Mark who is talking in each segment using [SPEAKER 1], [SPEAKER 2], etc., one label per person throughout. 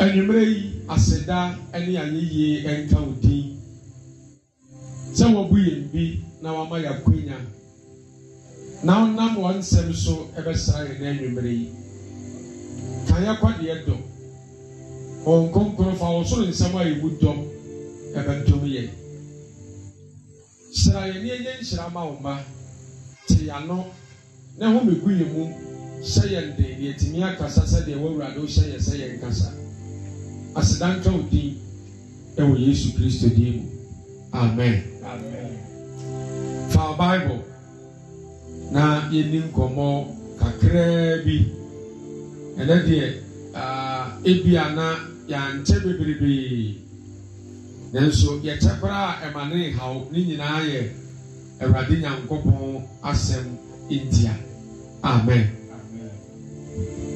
[SPEAKER 1] anwummerɛ yi aseda ne anyeyie nka wo din sɛ wɔbu yɛn bi na wɔama yɛ akwanya na wɔnam wɔn nsɛm so bɛsra yɛn na anwummerɛ yi ka yɛ kwadeɛ dɔ wɔn nkonkoro fa wɔn so nsɛm a yɛwu dɔm bɛtom yɛn hyira yɛn ne yɛnyɛ nhyira ma wo te yɛano na ho megu yɛn mu hyɛ yɛn den deɛ tumi akasa sɛdeɛ wɔwura de hyɛ yɛn sɛ yɛn kasa asedantwa wo din ɛwɔ yesu kristo din mu amen fa bible na yɛni nkɔmmɔ kakraa bi ɛnɛ deɛ ebia na yɛankyɛ bebrebee nanso yɛkyɛ bere a ɛma ne haw ne nyinaa yɛ awurade nyankopɔn asɛm ntia amen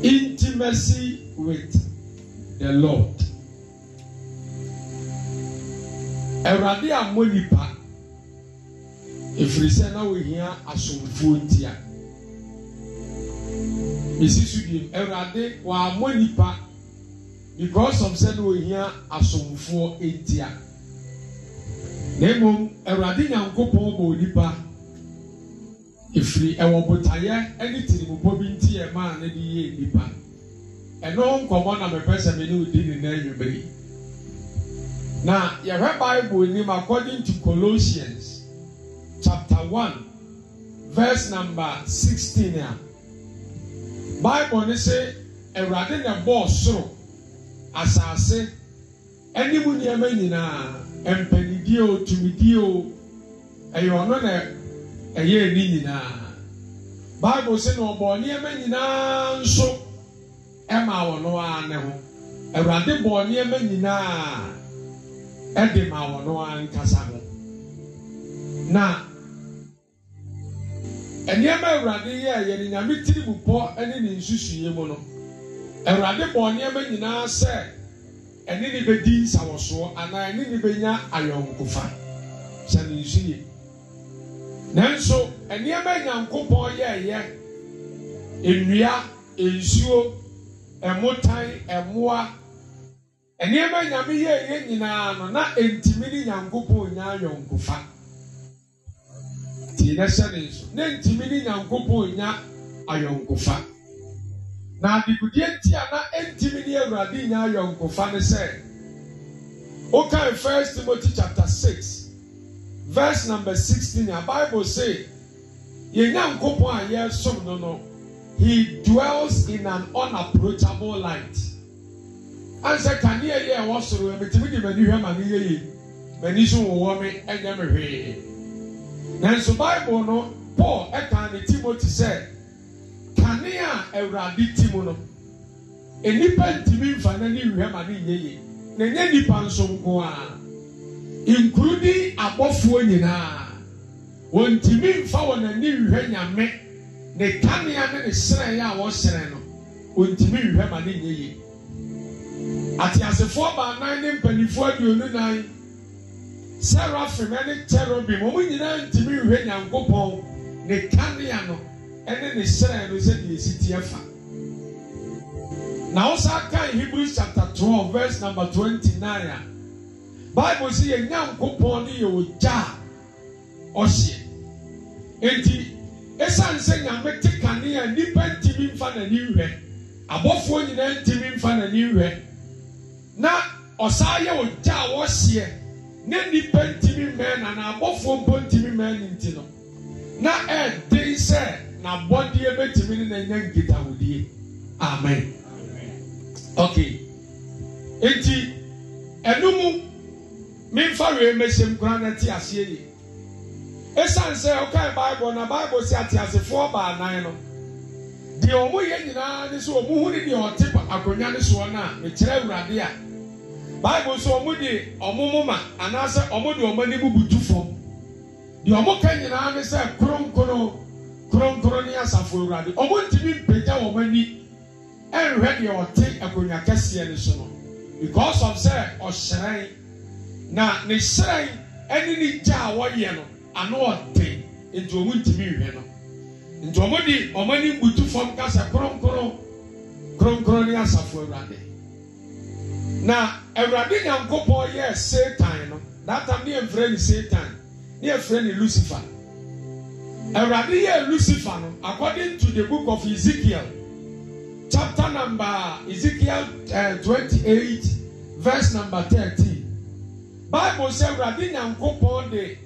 [SPEAKER 1] intimacy with the lord awurade ammɔ nipa ɛfiri sɛ na wɔhia asomfoɔ ntia mesi so biem awurade wɔammɔ nipa because of sɛ na wɔhia asomfoɔ ntia na mmom awurade nyankopɔn bɔ nipa ɛfiri ɛwɔ botaeɛ ne tirimupɔ bi nti ɛmaa ne de yɛ nipa ɛno nkɔmmɔ na mepɛ sɛ me ne odi ne nan nwumere na yɛhwɛ bible anim according to colossians chapter one verse number sixteen a bible ne sɛ awurade na ɛbɔɔ soro asase ɛne mu nneɛma nyinaa mpanidie o tumidie o ɛyɛ ɔno na ɛyɛ ani nyinaa bible sɛ na ɔbɔɔ nneɛma nyinaa nso ɛma wɔn ara ne ho awurade bɔɔ nneɛma nyinaa. ɛde ma wɔn ankasa ho na nneɛma awurade yɛ yɛ ne nyame tiri mu bɔ ne ne nsusuyɛ mu no awurade bɔ nneɛma nyinaa sɛ ɛne ne bɛdi nsawɔsoɔ anaa ɛne ne bɛnya ayɔnkofa sɛ ne nsu yɛ nanso nneɛma nyankopɔn yɛ yɛ nnua nsuo ɛmotan ɛmoa. nneɛma nyame yɛɛyɛ nyinaa no na ntumi ne nyankopɔn nya ayɔnkofa nti na hyɛ ne nso na ntumi ne nyankopɔn nya ayɔnkofa na adegudeɛ ti a na ntumi ne awurade nya ayɔnkofa ne sɛ wokae first timothy chapter six verse number sixteen a bible say yɛn nyankopɔn a yɛresom no no he dwells in an unapproachable light. ansɛ kanea yɛ ɛwɔ soro ɛmɛtumi de m'ani hwɛ ma ne yɛyɛ m'ani so wɔwɔ me ɛnyɛ me hwee nanso bible no paul ɛka ne timoti sɛ kanea awurade ti mu no nnipa ntumi nfa n'ani hwɛ ma ne yɛyɛ na nyɛ nnipa nso nko a nkuru ne abɔfoɔ nyinaa wɔn ntumi nfa wɔn ani hwɛ nyame ne kanea ne ne srɛ yɛ a wɔsrɛ no wɔn ntumi hwɛ ma ne yɛyɛ. ateasefoɔ baanan ne mpanimfoɔ aduonu nan serafim ne cherubim wɔn nyinaa ntumi nhwɛ nyankopɔn ne kanea no ne ne hyerɛn no sɛdeɛ esi tie fa na ɔsan kan hebrews chapter twelve verse number twenty nine a bible si yɛ nyankopɔn ne yɛ ogya a ɔhyɛ eti esan sɛ nyame te kanea nipa ntumi nfa n'ani nhwɛ abɔfoɔ nyinaa ntumi nfa n'ani nhwɛ. na ɔsaa yɛ wɔ gya a wɔhyeɛ ne nnipa ntumi mmaa na n'abɔfoɔ mpo ntimi mmɛn ne nti no na ɛɛden sɛ n'abɔdeɛ bɛtumi ne n'anya nkitahodie amen okay eti ɛnum nfa wee mmehyɛ nkura na te aseɛ yi esan sɛ ɔkae baibul na baibul si ate asefoɔ baanan no deɛ wɔn yɛ nyinaa ne so wɔn ho ne deɛ ɔte akonnwa ne soɔ na a mekyerɛ awurade a. bible so wɔn de wɔn moma anaasɛ wɔn de wɔn ani bubutu fam deɛ wɔn ka nyinaa ne sɛ kronkron kronkron ne asafo awurade wɔn ntumi mpagya wɔn ani ɛnhwɛ deɛ ɔte akonnwa kɛseɛ ne so no because of sɛ ɔhyerɛn na ne hyerɛn ɛne ne gya a wɔyɛ no ano ɔte nti wɔn ntumi nhwɛ no nti wɔn de wɔn ani butu fam kasa kronkron kronkron ne asafo awurade. na awurade nyankopɔn yɛɛ satan no datam ne yɛmfrɛ ne satan ne yɛmfrɛ ne lucifer awurade yɛɛ lucifer no according to the book of ezekiel chapter number ezekiel 28 eh, verse number 13 bible sɛ awurade nyankopɔn de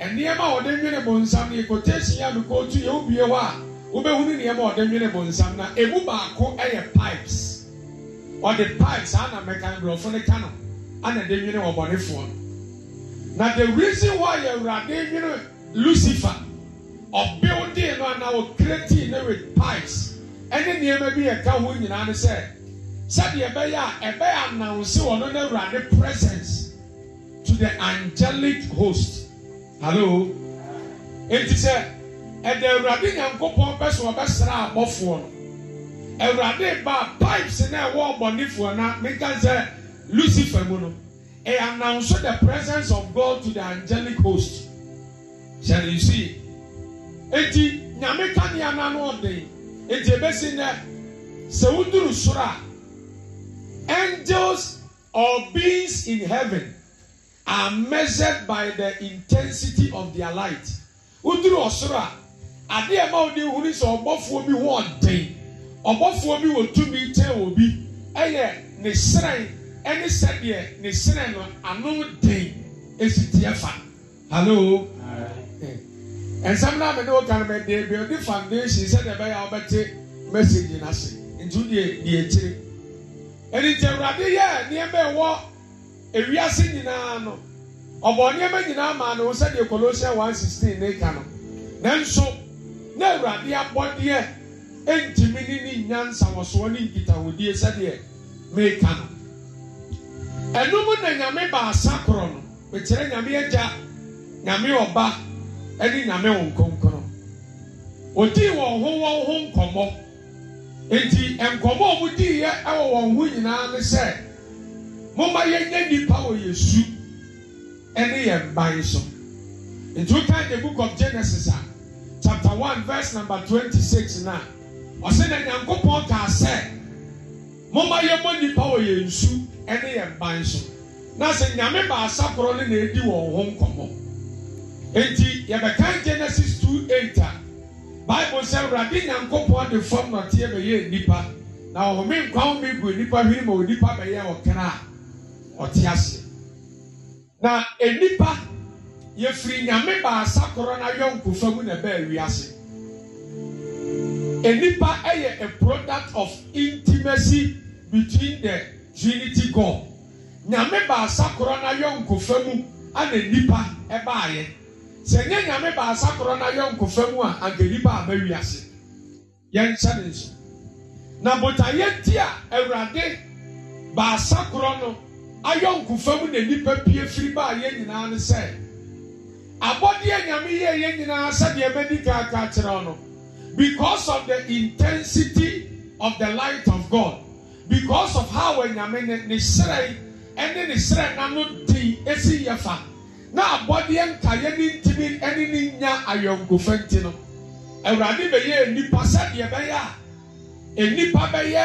[SPEAKER 1] nneɛma a ɔde nwene bonsam no yɛkɔtɛsi yɛ anokɔɔtu yɛwobie hɔ a wobɛhunu nneɛma a ɔde nwene nsam na ɛmu baako yɛ pipes ɔde pipe saa na mɛka nkurɔfo ne ka no ana de nwene ɔbɔnefoɔ no na the reason why awurade nwene lucifer ɔbuilding no ana ɔcreating no with pipes ɛne nneɛma bi yɛ ka ho nyinaa ne sɛ sɛdeɛ ɛbɛyɛ a ɛbɛyɛ anansi wɔ no ne awurade presence to the angelic host hello eti sɛ ɛdɛ awurade nyankopɔn bɛsɛ ɔbɛsra abɔfoɔ no awurade ba pipes na ɛwɔ ɔbɔnifoɔ na meka sɛ lucifer mu no e announce the presence of god to the angelic host shall you see eti nyame ka anano na no ɔden eti ebesi nɛ sɛ woduru soro a angels or beings in heaven are measured by the intensity of their light woduru ɔsoro a adeɛ ma odi huri sɛ ɔbɔfoɔ bi ho ɔden ɔbɔfoɔ bi wɔ tumi kyɛn wɔ bi ɛyɛ ne srɛn ɛne sɛdeɛ ne srɛn no ano den esi tie fa hallo nsɛm naa mi ne wo kan bɛ de bi ɔde foundation sɛdeɛ bɛyɛ a ɔbɛte message n'ase ntu deɛ deɛ akyire ɛni ti awurade yɛ nneɛma ɛwɔ ewiase nyinaa no ɔbɔ nneɛma nyinaa maa ne ho sɛdeɛ Colossians one sixteen ne ka no nanso na awurade abɔdeɛ ɛntumi ne ne nyansa wɔsoɔ ne nkitahodie sɛdeɛ meka no ɛnom na nyame baasa korɔ no mekyerɛ nyame agya nyame ɔba ɛne nyame wo nkonkron odii wɔn ho wɔn ho nkɔmmɔ nti nkɔmmɔ a wɔdiiɛ ɛwɔ wɔn ho nyinaa ne sɛ momma yɛnyɛ nipa wɔ yɛsu ɛne yɛn ban so nti wokan the book of genesis a chapter one verse number twenty six na ɔsɛ na nyankopɔn kaa sɛ momma yɛmmɔ nnipa wɔ yɛn nsu ne yɛn ban so na sɛ nyame baasa korɔ no na ɛdi wɔn ho nkɔmmɔ enti yɛbɛkan genesis 28 a bible sɛ awurade nyankopɔn de fam nɔteɛ bɛyɛ nnipa na ɔhome nkwa home gu nnipa hwene ma onipa bɛyɛ ɔkra a ɔte ase na nnipa yɛfiri nyame baasa korɔ no ayɔnkofa mu na ɛbɛɛ wiase enipa ɛyɛ a product of intimacy between the trinity god nyame baasa korɔ na yɔ nkofa mu ana nipa ɛbaayɛ sɛ nye nyame baasa korɔ na yɔ nkofa mu a anka nipa abɛ wiase yɛn nhyɛ ne nso na botaeɛ ti a awurade baasa korɔ no ayɔ nkofa mu na nipa pie firi baayɛ nyinaa ne sɛ abɔdeɛ nyame yɛ yɛ nyinaa sɛdeɛ bɛdi kaakaa kyerɛ no because of the intensity of the light of God, because of how when Yamene Nisrei and then Nisrei not the Esi Yafa. Now, body and Kayeni Timin and in Nya Ayom Gufentino. Awurade bɛyɛ nipa sɛdeɛ bɛyɛ a e nipa bɛyɛ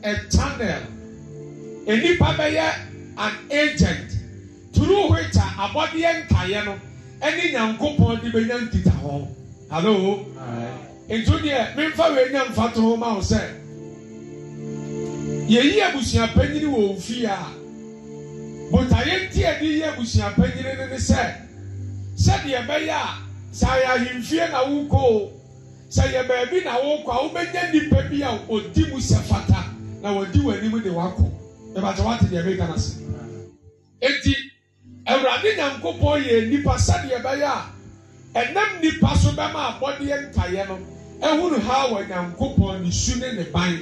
[SPEAKER 1] a channel e nipa bɛyɛ an agent through which a abɔdeɛ nkaeɛ no e ne nyankopɔn de bɛnya nkita hɔ hello. Aye ntu deɛ memfa wei nya mfa to ho ma wo sɛ yɛyi abusua panyini wɔ ofie a botaeɛ nti a de yi abusua panyini no ne sɛ sɛdeɛ ɛbɛyɛ a sɛ ayɛ ahemfie na wokɔo sɛ yɛ baabi na wokɔ a wobɛnya nnipa bi a ɔdi mu sɛ fata na wɔdi w'anim de wakɔ ɛbata wate deɛ meka no ase enti awurade nyankopɔn yɛ nnipa sɛdeɛ ɛbɛyɛ a ɛnam nnipa so bɛma abɔdeɛ ntaeɛ no ehunu ha wɔ nyankopɔn ne su ne ne ban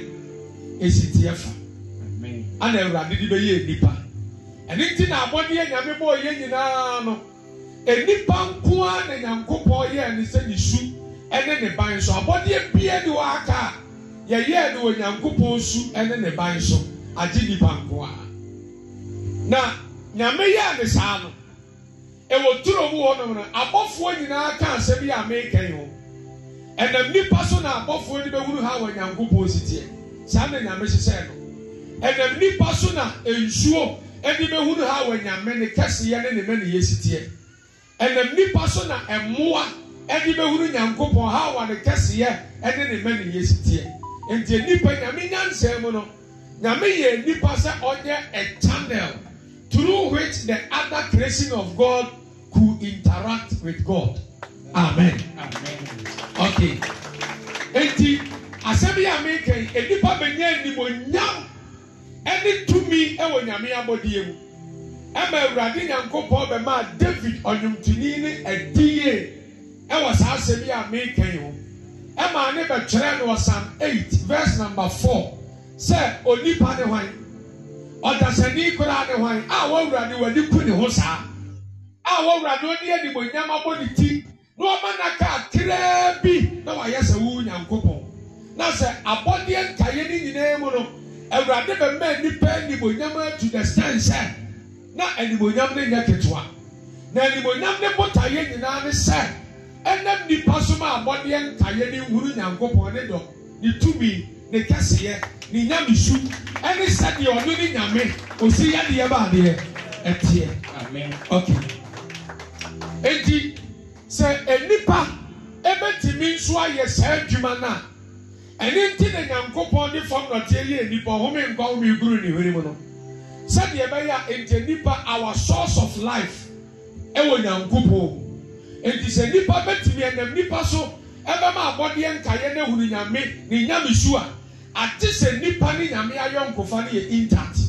[SPEAKER 1] esi tie fa ana awurade de bɛyɛ nipa ɛne ti na abɔdeɛ nyame bɔ ɔyɛ nyinaa no enipa nkoa na nyankopɔn yɛ ne sɛ ne su ɛne ne ban so abɔdeɛ bie de wɔ aka yɛyɛ de wɔ nyankopɔn su ɛne ne ban so agye nipa nkoa na nyame yɛ ne saa no ɛwɔ turo mu hɔ nom no abɔfoɔ nyinaa ka asɛm yɛ amekan hɔ. ɛnam nipa so na abɔfoɔ no bɛhunu ha wɔ nyankopɔn si teɛ saa na nyame hyehyɛ no ɛnam nipa so na nsuo ɛde bɛhunu ha wɔ nyame ne kɛseɛ ne ne mɛ ne yɛ si teɛ ɛnam nipa so na ɛmoa ɛde bɛhunu nyankopɔn ha wɔ ne kɛseɛ ɛne ne mɛ ne yɛ si teɛ nti nipa nyame nyansa mu no nyame yɛ nipa sɛ ɔnyɛ a channel through which the other creation of god could interact with god amen. amen ok eti asɛm yi a meka yi nipa benya nimonyam ɛne tumi ɛwɔ nyame abɔdeɛ mu ɛma awurade nyankopɔn bɛma david ɔnwomtoni ni ɛdi yie ɛwɔ saa asɛm yi a meka yi ho ɛma ne bɛtwerɛ no wɔ psalm eight verse number four sɛ onipa ne hwan ɔdasani kura ne hwan a wɔwurade w'ani ku ne ho saa a wɔwurade ɔne animonyam abɔ ne ti na wɔma naka tiraa bi na wɔayɛ sɛ wo nyankopɔn na sɛ abɔdeɛ nkaeɛ no nyinaa mu no awurade bɛma nipa animonyam to the stand na animonyam no nyɛ ketewa na animonyam ne botaeɛ nyinaa ne sɛ ɛnam nipa so ma abɔdeɛ nkaeɛ no nhunu nyankopɔn ne dɔ ne tumi ne kɛseɛ ne nyamesu ɛne sɛdeɛ ɔno ne nyame ɔsi yɛdeɛ baadeɛ ɛteɛ amen okay eti sɛ enipa ebetumi nso ayɛ saa adwuma na ɛne nti na nyankopɔn ne fam nɔteɛ yɛ nipa ɔhome nkwa ɔhome guru ne hwere mu no sɛdeɛ ɛbɛyɛ a nti nipa our source of life ɛwɔ nyankopɔn nti sɛ nipa betumi ɛnam nipa so ɛbɛma abɔdeɛ nkaeɛ na ehunu nyame ne nyame su a ate sɛ nipa ne nyame ayɔ nkofa no yɛ intact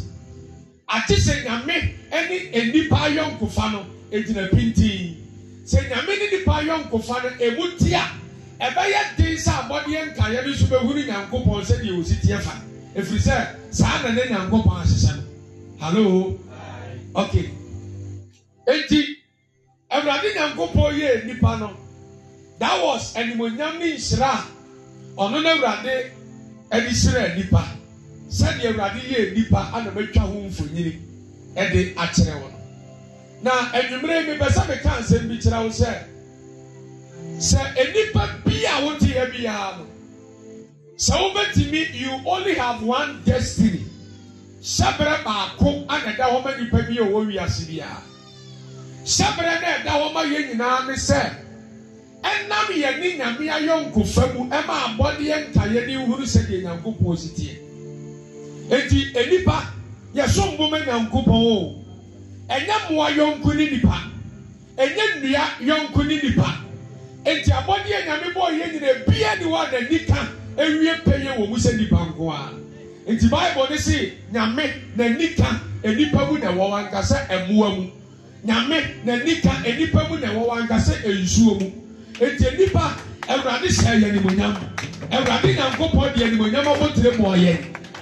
[SPEAKER 1] ate sɛ nyame ɛne enipa ayɔ nkofa no egyina pintii sɛ nyame ne nipa yɔ nkofa no ɛmu ti a ɛbɛyɛ den sɛ abɔdeɛ nkaeɛ no nso bɛhunu nyankopɔn sɛdeɛ wɔsi teɛ fa ɛfiri sɛ saa na ne nyankopɔn ahyehyɛ no hallo ok enti awurade nyankopɔn yɛɛ nipa no that was animonyam ne nhyira a ɔno no awurade ɛde hyerɛɛ nipa sɛdeɛ awurade yɛɛ nipa ana matwa ho mfonyini ɛde akyerɛ wɔn na anwummerɛ yi mepɛ sɛ meka nsɛm bi kyerɛ wo sɛ sɛ nnipa bi a woteɛ biara no sɛ wobɛtumi you only have one destiny hyɛberɛ baako ana ɛda hɔ ma nnipa bi a ɔwɔ wiase biara hyɛberɛ na ɛda hɔ ma yɛn nyinaa ne sɛ ɛnam yɛne nyame ayɔnkofa mu ɛma abɔdeɛ ntaeɛ ne nhuru sɛdeɛ nyankopɔn si teɛ enti nnipa yɛsom boma nyankopɔn o ɛnyɛ mmoa yɔnko ne e nipa ɛnyɛ nnua yɔnko ne nipa eti abɔdeɛ nyame bɔ yɛ nyina bia ne wa n'ani ka ewie pɛyɛ wɔ mu sɛ nipa nko a nti baibul ne se nyame n'ani ka enipa mu na ɛwɔ wankasa e ɛmoa mu nyame n'ani ka enipa mu na ɛwɔ wankasa ensuo mu eti nipa ɛwurade hyɛ yɛ nimonyam ɛwurade nyankopɔn deɛ nimonyam abotire mu ɔyɛ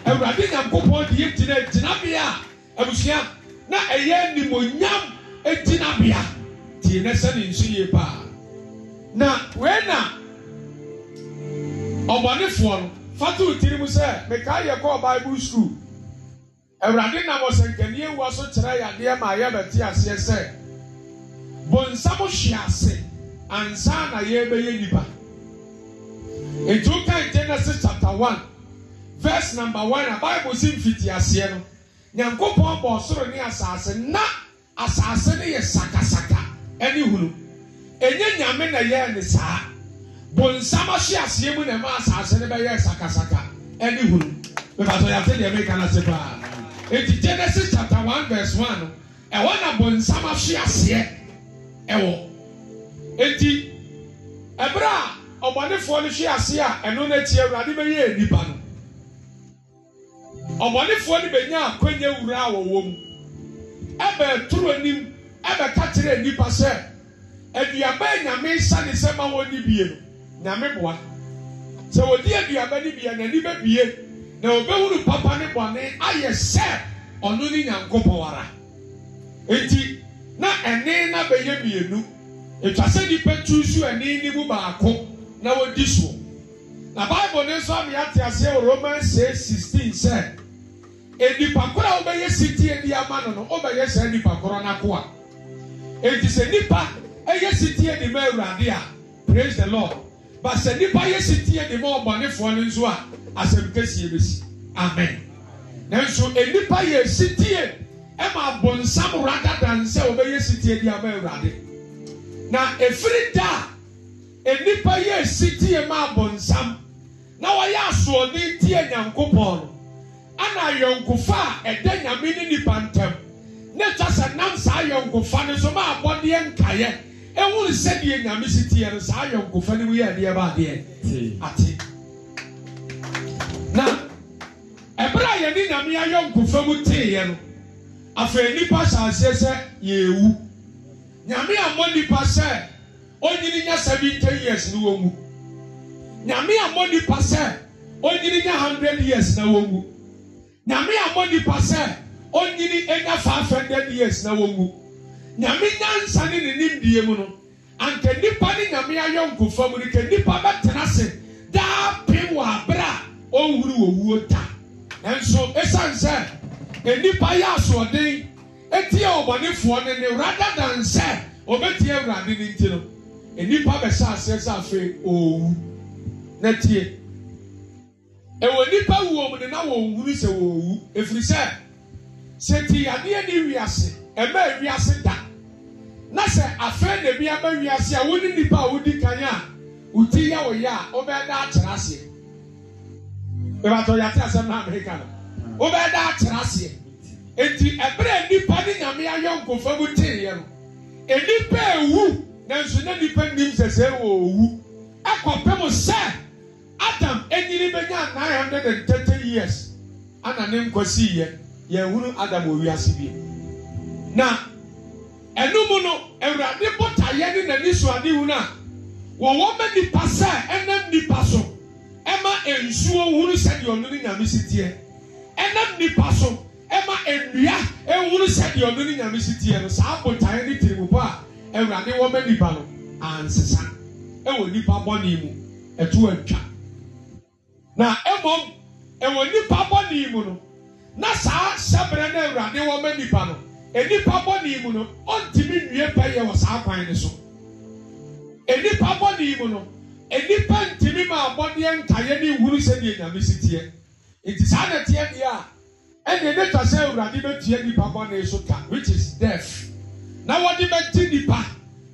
[SPEAKER 1] ɛwurade nyankopɔn deɛ gyina gyinabea abusua. na ɛyɛ nimonyam gyinabea tie nɛ sɛne nso yie paa na wee na ɔbɔnefoɔ no fatoo tiri mu sɛ mekae yɛ kɔɔ bible school awurade nam ɔsɛnkaneɛ ewu so kyerɛ yɛadeɛ ma yɛbɛte aseɛ sɛ bonsam hwe ase ansa na yɛrebɛyɛ nnipa nti woka ntenɛse chapter one. verse number one a bible si mfiti aseɛ no nyankopɔn bɔ soro ne asase na asase no yɛ sakasaka ne hunu ɛnyɛ nyame na yɛɛ ne saa bonsam ahye aseɛ mu na ɛma asase no bɛyɛ sakasaka ne hunu bɛfa so yɛate deɛ meka no ase paa enti genesis chapter one verse one no ɛwɔ na bonsam ahye aseɛ ɛwɔ enti ɛberɛ a ɔbɔnefoɔ no hwe aseɛ a ɛno no akyi awurade bɛyɛ nnipa no ɔmɔnefoɔ no bɛnya akwanya wura a wɔwɔ mu turu anim ɛbɛka kyerɛ nnipa sɛ aduaba a nyame sane sɛ ma wɔnni bie no nyame boa sɛ wɔdi aduaba no bie n'ani bɛbie na wɔbɛhunu papa ni bɔne ayɛ sɛ ɔno ne nyankopɔn ara enti na ɛne na bɛyɛ mmienu ɛtwa sɛ nnipa tu so ɛne ne mu baako na wɔdi so na bible ne nso ame ate aseɛ wɔ romans 6 16 sɛ enipa korɔ a wobɛyɛ sitie di ama no no wobɛyɛ saa nipa korɔ n'ako a eti sɛ nipa ɛyɛ sitie di ma awurade a praise the lord ba sɛ nipa yɛ sitie di ma ɔbɔnefoɔ no nso a asɛm kɛseɛ bɛsi amen nanso enipa yɛ sitie ɛma abɔnsam radadan sɛ wobɛyɛ sitie di ama awurade na efiri da e nipa yɛ sitie ma abɔnsam na wɔyɛ asoɔden tie nyankopɔn no ana ayɔnkofa a ɛda nyame ne nipa ntam ne twa sɛ nam saa ayɔnkofa no so ma abɔdeɛ nkaeɛ ɛhunu sɛdeɛ nyame si teɛ no saa ayɔnkofa no mu yɛ adeɛ ba ate na ɛberɛ a yɛne nyame ayɔnkofa mu teeɛ no afei nipa hyɛ sɛ yɛewu nyame ammɔ nipa sɛ onyini nya seventy years no wɔ mu nyame ammɔ nipa sɛ onyini nya hundred years na wɔ mu nyame amɔ nipa sɛ ɔnyini ɛnya fa afɛndɛ years na wɔwu nyame nyansa ne ne nimdie mu no anka nipa ne nyame ayɔ nkofa mu no ka nipa bɛtena se daa pem wɔ abere a ɔnhuru wɔwuo ta nanso ɛsiane sɛ nnipa yɛ asoɔden etie ɔbɔnefoɔ ne ne rather than sɛ ɔbɛtie awurade ne nti no nnipa bɛhyɛ aseɛ sɛ afei ɔɔwu na ɛwɔ nipa wuo mu de na wɔn wuli sɛ wɔn wu efiri sɛ sɛ ti adeɛ ni wiase ɛmɛ wiase da na sɛ afɛn na bi ama wiase a wɔne nipa a wɔdi kan a wɔti yɛ wɔyɛ a wɔbɛn da akyerɛ aseɛ ebatɔ yate asɛm na amerika no wɔbɛn da akyerɛ aseɛ eti ɛbrɛ nipa ne nyame ayɛ nkɔfra mu tee yɛ no enipa ewu nanso ne nipa nim sɛ sɛ wɔn owu ɛkɔ pɛm sɛ adam enyini bɛnya nine hundred and thirty years ana ne nkɔ si yɛ yɛhunu adam wɔ wiase bi na ɛnu mu no awurade bɔtayɛ ne n'ani so ade hu no a wɔwɔ mɛ nipa sɛ ɛnam nipa so ɛma nsuo hunu sɛdeɛ ɔno ne nyame si teɛ ɛnam nipa so ɛma nnua ehunu sɛdeɛ ɔno ne nyame si teɛ no saa bɔtayɛ ne tirimubɔ a awurade wɔ mɛ nipa no ansesa ɛwɔ nipa bɔ ne mu ɛto atwa na mmom ɛwɔ nipa bɔ ne mu no na saa sɛbrɛ no awurade wɔ ma nipa no enipa bɔ ne mu no ɔntumi nwie pɛyɛ wɔ saa kwan no so enipa bɔ ne mu no enipa ntumi ma abɔdeɛ nkaeɛ ne nhuru sɛdeɛ nyame si teɛ nti saa na teɛ deɛ a ɛnna ne twa sɛ awurade bɛtua nipa bɔ ne so ka which is death na wɔde bɛti nipa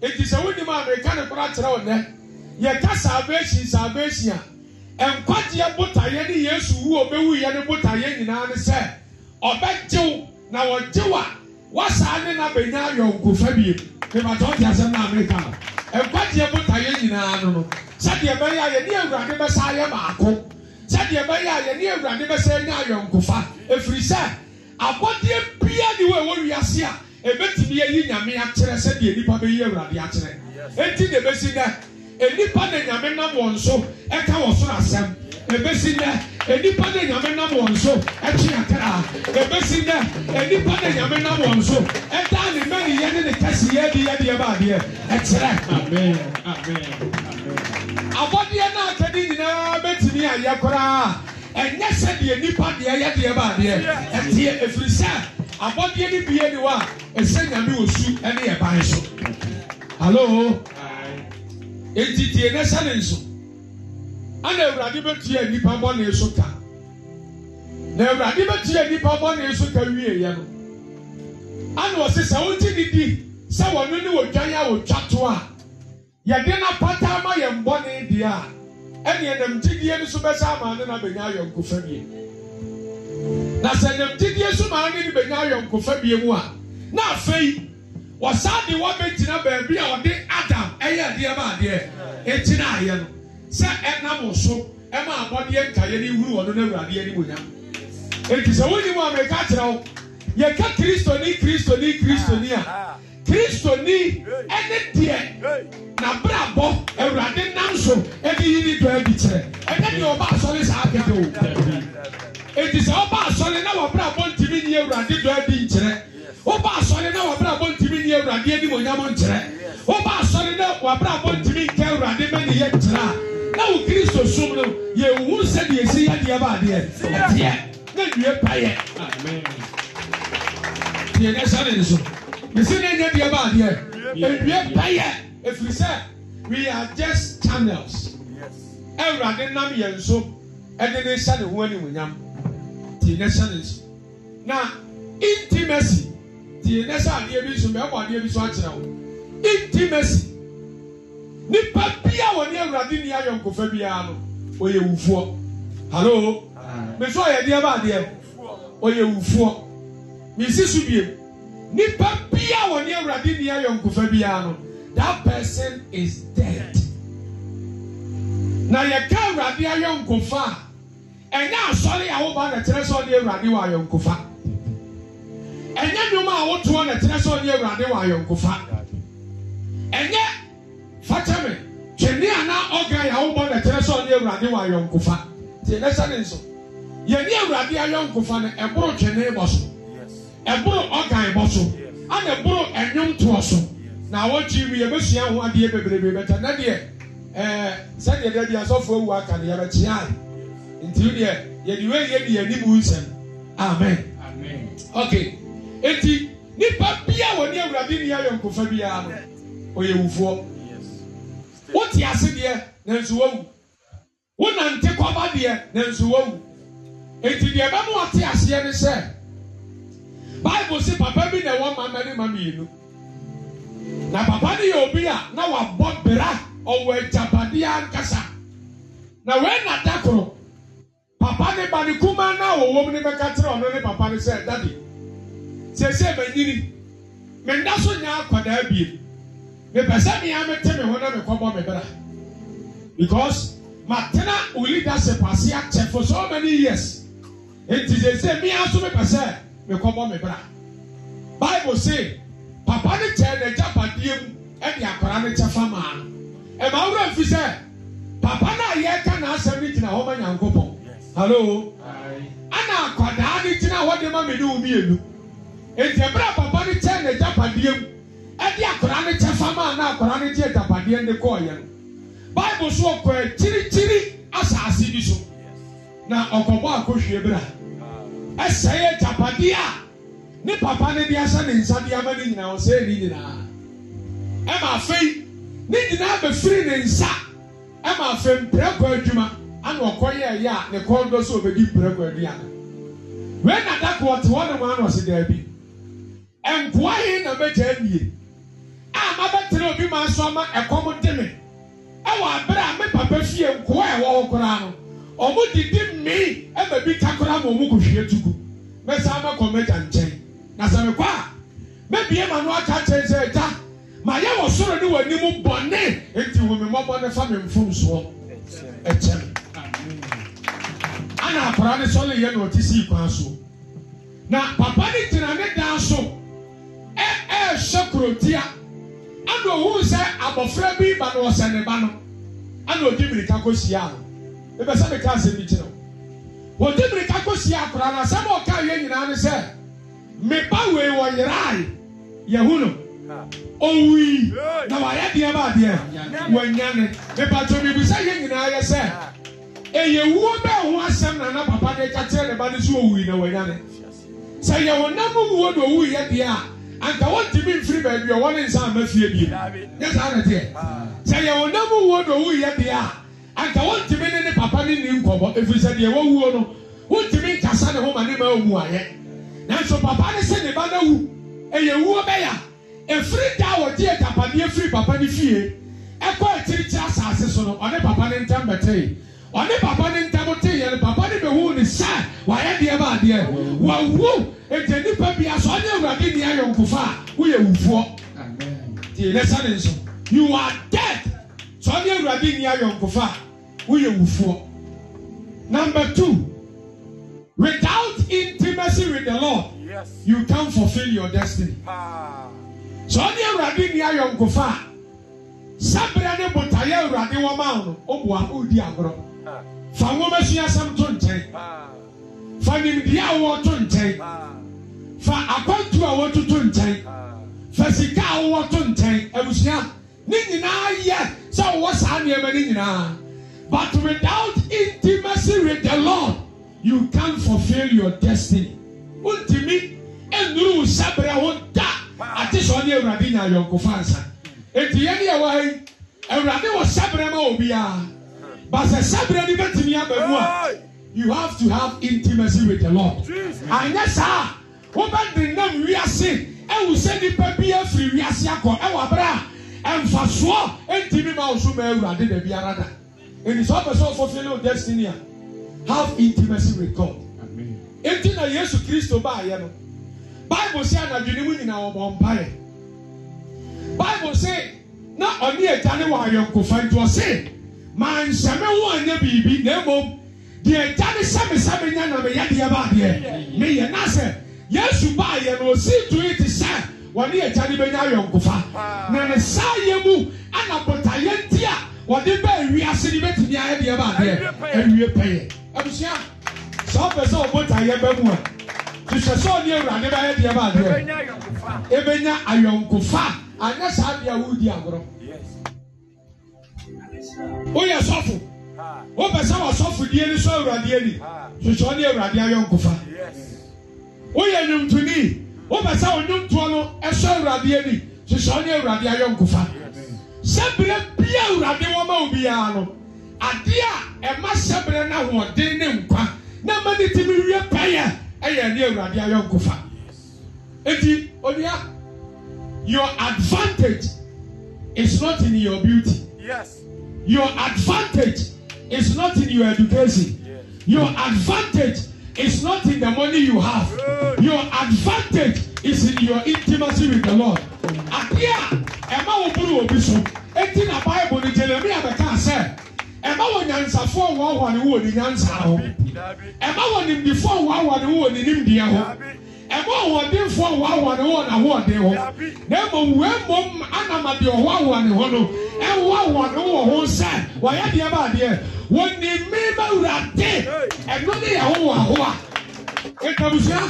[SPEAKER 1] nti sɛ wɔnim a mɛka ne kora kyerɛ wɔn dɛ yɛka salvation salvation a nkwagyeɛ botaeɛ ne yesu wu obewu yɛ ne botaeɛ nyinaa ne sɛ ɔbɛgyew na wɔgyew a wasaa ne na benya ayɔ nkofa bie nipadɔn ti asɛm na amerika nkwagyeɛ botaeɛ nyinaa no no sɛdeɛ bɛyɛ a yɛne awurade bɛsa yɛ baako sɛdeɛ bɛyɛ a yɛne awurade bɛsa nya ayɔ nkofa efiri sɛ abɔdeɛ bia ni wo ɛwɔ wiase a ebetumi ayi nyame akyerɛ sɛdeɛ nipa bɛyi awurade akyerɛ eti na ebesi dɛ enipa na nyame nam wɔn so ɛka wɔn so asɛm ebesi nɛ enipa na nyame nam wɔn so ɛkyi atara ebesi nɛ enipa na nyame nam wɔn so ɛda ne mɛ ne yɛ ne ne kɛse yɛ de yɛ deɛ ba adeɛ ɛkyerɛ amen amen abɔdeɛ na akɛde nyinaa bɛtumi ayɛ koraa ɛnyɛ sɛ deɛ nipa deɛ yɛ deɛ ba adeɛ ɛteɛ efiri sɛ abɔdeɛ ne bie ne wa ɛsɛ nyame wɔ su ɛne ɛban so hallo eti tie ne hyɛ ne nso ɛna awurade bɛtua nipa Ne so ka na awurade bɛtua nipa bɔne so ka wie yɛ no ɛna ɔsi sɛ wɔnti ne di sɛ wɔn ne wɔdwan a wɔtwa to a yɛde na pata ama yɛn bɔne deɛ a ɛna ɛnam gyidie no so bɛsɛ ama ne na bɛnya ayɔnko fam yie na sɛ ɛnam gyidie so maa ne ne bɛnya ayɔnko fam yie mu a na afei wɔsan de wɔbɛgyina baabi a ɔde adam ɛyɛ adeɛ ma adeɛ ɛgyina ayɛ no sɛ ɛnam so ɛma abɔdeɛ nkaeɛ no ihuru wɔn no n'awurade anim onyam eti sɛ wɔn nyim a mɛka kyerɛ wo yɛka kristoni kristoni kristoni a kristoni ɛne deɛ n'abrabɔ awurade nam so ɛde yi ni dɔ ɛbi kyerɛ ɛdɛ deɛ ɔba asɔre saa kɛtɛ o eti sɛ ɔba asɔre na wɔbrabɔ ntumi nyi awurade dɔ ɛbi nkyerɛ ɔba asɔre na wɔbrabɔ ni awurade anim onyam nkyerɛ woba asɔre na wabrabɔ ntumi nka awurade ma ne yɛ kyerɛ a na wo kristo som no yɛwu sɛdeɛ ɛsi yɛdeɛ baadeɛ ɔteɛ na nnua payɛ yɛnyɛ sɛne ne so mesi ne nyɛ deɛ baadeɛ nnua payɛ ɛfiri sɛ we are just channels awurade nam yɛn so ɛde ne hyɛ ne ho animonyam nti yɛnyɛ sɛne so na intimacy tie ne sɛ adeɛ bi so mɛɛbɔ adeɛ bi so akyerɛ wo intimacy nipa bi a wɔne awurade ni ayɔ nkɔfa biara no ɔyɛ wufoɔ hallo meso ɔyɛ deɛ ba adeɛ ɔyɛ wufoɔ mesi so bie nipa bi a wɔne awurade ni ayɔ nkɔfa biara no that person is dead na yɛka awurade ayɔ nkɔfa a ɛnyɛ asɔre a wɔba na kyerɛ sɛ ɔne awurade wɔ ayɔ nkɔfa. ɛnyɛ nnwom a wotoɔ na ɛtena sɛ ɔne awurade wɔ ayɔnkofa ɛnyɛ fakyɛme twene na a wobɔ na ɛtena sɛ ɔne awurade wɔ ayɔnkofa nti ɛnɛ sɛ ne nso yɛne awurade ayɔnkofa no ɛboro twene bɔ so ɛboro bɔ so ana ɛboro so na eti nipa bia wɔ ni awurade ni ayɔ nkofa biara no ɔyɛ wufoɔ wote ase deɛ nanso wawu wonante kɔba deɛ nanso wawu eti deɛ bɛmo ate aseɛ ne sɛ bible si papa bi na ɛwɔ mama ne ma mmienu na papa no yɛ obi a na wabɔ bra ɔwɔ agyapadeɛ ankasa na wei na da papa ne ba ne kuma na ɔwɔ mu ne bɛka kyerɛ ɔno ne papa ne sɛ dade sese manyini menda so nya akwadaa biem mepɛ sɛ mea mete me ho na mekɔbɔ me bra because matena o leadership ase akyɛ for so many years nti sese mea so mepɛ sɛ mekɔbɔ me bra bible say papa ne kyɛ n'agya padeɛ mu ɛde akwadaa ne kyɛ fa maa ɛma awura mfi sɛ papa na yɛka n'asɛm ne gyina hɔ ma nyankopɔn hallo ɛna akwadaa ne gyina hɔ de ma me ne wo mmienu nti ɛbɛrɛ papa no kyɛn na agyapadeɛ mu ɛde akwadaa no kyɛ fam a na akwadaa no de agyapadeɛ no kɔɔyɛ no baibu so ɔkɔ akyirikyiri asaase bi so na ɔkɔbɔ akɔhwie bra ɛsɛɛ agyapadeɛ a ne papa no de ahyɛ ne nsa de ama no nyinaa ɔsɛɛ ne nyinaa ɛma afei ne nyinaa bɛfiri ne nsa ɛma afei mpirɛkɔ adwuma ana ɔkɔyɛ ɛyɛ a ne kɔn do so obɛdi mpirɛkɔ aduane wɛn na dako ɔte hɔ ne mu ano nkoa yi na mɛgya abie a mabɛtena obi ma nso ama ɛkɔm de ɛwɔ e, abere a me papa fie nkoa a ɛwɔ hɔ koraa no ɔmo didi mmee ɛma bi ta koraa ma ɔmo kɔhwie tugu mɛsan mɛkɔ mɛgya nkyɛn na sɛ mekɔ a mɛbie ma no aka kyɛn sɛ ɛgya ma yɛ wɔ soro ne wɔ anim bɔne eti wome mmɔbɔ ne fa me mfomsoɔ ɛkyɛn ana akwaraa ne sɔle yɛ na ɔte sii kwan so na papa ne gyina ne dan so. ɛɛhyɛ kurotia ɛna ohun sɛ abɔfra bi ba na ɔsɛ ne ba no ɛna odi mirika ko hyia no ebɛ sɛ mirika asɛm bi kyerɛ o mirika ko hyia akora na asɛm a ɔka yɛ nyinaa ne sɛ meba wei wɔ yeraae yɛhu no owui na wayɛ deɛ ba adeɛ wɔanya ne mepatɔ mibisa yɛ nyinaa yɛ sɛ ɛyɛwuo bɛɛ ho asɛm na na papa de ka ne ba no so owui na wɔanya ne sɛ yɛwɔ nam wuo na owui yɛ deɛ a anka wɔntumi mfiri baabi a wɔne nsa ama fie bie nyɛ saa na teɛ sɛ yɛ wɔn nam wuo na owu yɛ deɛ a anka wɔntumi ne ne papa ne ne nkɔmɔ efiri sɛ deɛ wɔwuo no wɔntumi nkasa ne ho ma ne ma omu ayɛ nanso papa ne sɛ ne ba na wu ɛyɛ wuo bɛya efiri da wɔgye ɛtapadeɛ firi papa ne fie ɛkɔ akyirikyiri asase so no ɔne papa ne ntɛm bɛtɛɛ ɔne papa ne ntɛm te yɛ no papa ne bɛwu ne sɛ wayɛ deɛ ba adeɛ wawu nti nipa bi aso ɔne awurade ne ayɛ nkofa a woyɛ wufoɔ tie ne nso you are dead so ɔne awurade ne ayɛ nkofa a woyɛ wufoɔ number two without intimacy with the lord yes. you can't fulfil your destiny ah. so ɔne awurade ne ayɛ nkofa a sábẹ̀rẹ̀ ni bùtàyẹ̀ ìwúrọ̀ adé wọn máa ń lò ó bu fa nwoma si asɛm to nkyɛn fa nimdiya a wɔwɔ nkyɛn fa akwantu a wɔtu nkyɛn fa sika a wɔwɔ to nkyɛn abusua ne nyinaa yɛ sɛ wɔwɔ saa nneɛma ne nyinaa but without intimacy with the lord you can fulfil your destiny wontumi nnuru nsabere ho da ate sɛ ɔne awurade nya ayɔnkofa ansa eti yɛn ni ɛwɔ ha yi awurade wɔ ma obiara basɛ sɛbrɛ ni bɛtumi aba mu a you have to have intimacy with the lord anyɛ saa wobɛde nam wiase ɛwu sɛ nipa bi afiri wiase akɔ ɛwɔ abɛrɛ a ɛnfasoɔ ɛntumi ma ɔso ma awurade dɛbi ara da ɛni sɛ ɔbɛ sɛ ɔfɔfɛ ne o destiny a have intimacy with god eti na yesu kristo baa yɛ no bible sɛ anadwene mu nyinaa wɔbɔ mpaeɛ bible sɛ na ɔne agya ne wɔ ayɔnkofa nti ɔsɛ maa nhyɛmɛ ho anya biribi na mmom deɛ gya ne hyɛ me sɛ menya na meyɛ deɛ ba adeɛ meyɛ na sɛ yesu baa yɛ no osi tui te sɛ wɔne yɛ gya ne benya ayɔnkofa na ne saa yɛ mu ana botaeɛ nti a wɔde bɛɛ wiase ne bɛtumi ayɛ deɛ ba adeɛ awie pɛyɛ abusua sɛ ɔpɛ sɛ ɔbotaeɛ bɛ mu a hyehyɛ sɛ ɔne awurade bɛyɛ deɛ ba adeɛ ebenya ayɔnkofa anyɛ saa deɛ a wodi agorɔ woyɛ sɔfo wopɛ sɛ wɔsɔfodie ni so awuradeɛ ni hwehwɛ ɔne awurade ayɔ nkofa woyɛ nnwontoni wopɛ sɛ wo nnwontoɔ no ɛsɔ awuradeɛ ni hwehwɛ ɔne awurade ayɔ nkofa sɛberɛ bia awurade wɔma wo biara no adeɛ a ɛma sɛberɛ no ne nkwa na ma ne timi wie pɛyɛ ɛyɛ ne awurade ayɔ nkofa eti onua your advantage is not in your beauty. Yes. Your advantage is not in your education. Your advantage is not in the money you have. Your advantage is in your intimacy with the Lord. Adeɛ a ɛma obisu. buru obi so eti na Bible ni Jeremia bɛka sɛ ɛma wɔ nyansafoɔ wɔwɔ ne wo ni nyansa ho ɛma wɔ nimdifoɔ wɔwɔ ne wo ni nimdeɛ ho ɛmɔ ahoɔdenfo a wɔawane wɔn ahoɔden hɔ na mmom wɔmmom anamadeɛ ɔhɔ awane hɔ no ɛwɔ awane wɔ ho sɛ wɔyɛ deɛ baadeɛ wɔnim me ma awurade ɛno ne yɛho wɔ aho a ɛtabusua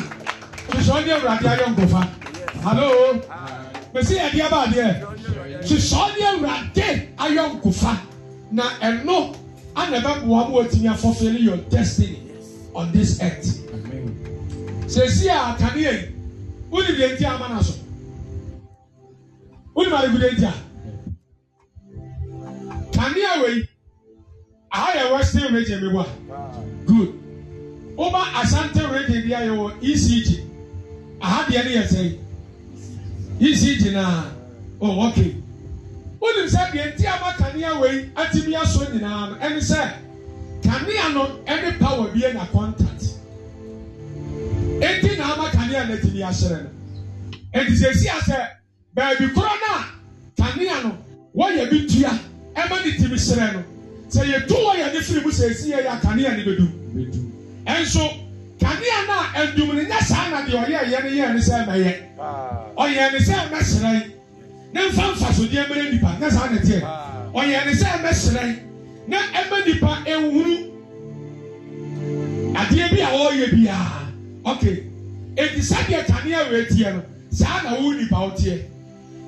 [SPEAKER 1] hyehyɛ ɔde awurade ayɛ nkɔfa hallo mesi yɛ deɛ baadeɛ hyehyɛ ɔde awurade ayɛ nkɔfa na ɛno ana ɛbɛboa ma wɔatumi afɔfɛre your destiny on this earth Amen sɛsi a kanea yi wuli deɛ nti ama na so wuli ma deɛ nti a kanea wei aha yɛ western region bi wa good woba asante region bi a wɔ ecg aha deɛ no yɛ sɛ ecg na ɔwɔ oh, okay. kee wonim sɛ deɛ nti ama kanea wei atumi aso nyinaa no ɛne sɛ kanea no ɛne power bi anya contact eti na ama kanea na etimi ahyerɛ no eti sɛ esi asɛ baabi korɔ na kanea no wɔyɛ bi tua ɛma ne timi hyerɛ no sɛ yɛtu wɔyɛ ne firi mu sɛ esi yɛ yɛ kanea ne bedu ɛnso kanea na ɛdum ne nya saa na deɛ ɔyɛ yɛ ne yɛ ne sɛ ɛmɛ yɛ ɔyɛ ne sɛ ɛmɛ hyerɛ ne nfa nfa deɛ mmerɛ nipa ne saa ne teɛ ɔyɛ ne sɛ ɛmɛ hyerɛ na ɛmɛ nipa ehuru adeɛ bi a ɔreyɛ biara okay eti sadiya kyaneɛ wɔ etiɛ no saa na wɔn nipa ɔteɛ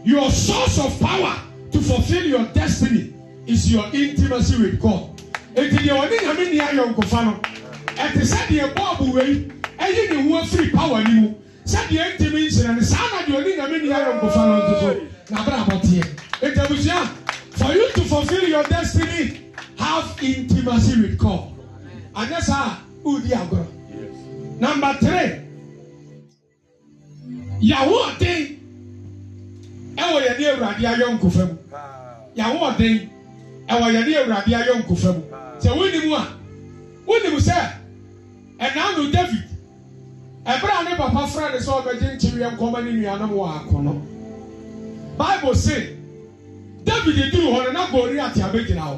[SPEAKER 1] your source of power to fulfil your destiny is your intimacy with God eti deɛ wɔne nyame nea ayɔ nkofa no ɛte sadiya bɔɔbu wei ɛyi ne ho afiri power ni mu sadiya ntumi nhyira no saa na deɛ wɔne nyame nea ayɔ nkofa no nso so na abɛrɛ abɔteɛ eti abusua for you to fulfil your destiny have intimacy with God anyasa udi agorɔ. Number three, yàwó ọ̀dẹ́n ẹ̀wọ̀ yẹn ní ewurade ayọ̀ nkùfẹ́ mu. Yàwó ọ̀dẹ́n ẹ̀wọ̀ yẹn ní ewurade ayọ̀ nkùfẹ́ mu. Sẹ wọ́n ni mu a, wọ́n ni mu sẹ́, ẹ̀nàánú David, ẹ̀bẹ̀rẹ̀ àná papa fúra ni sọ ọ̀bẹ̀jẹ̀ ntìrì ẹ̀ nkọ́mọ́ ní nìyànnámu wà àkọ́nọ́. Bible say, David dúró hɔ no na Goliath abẹ́gyina hɔ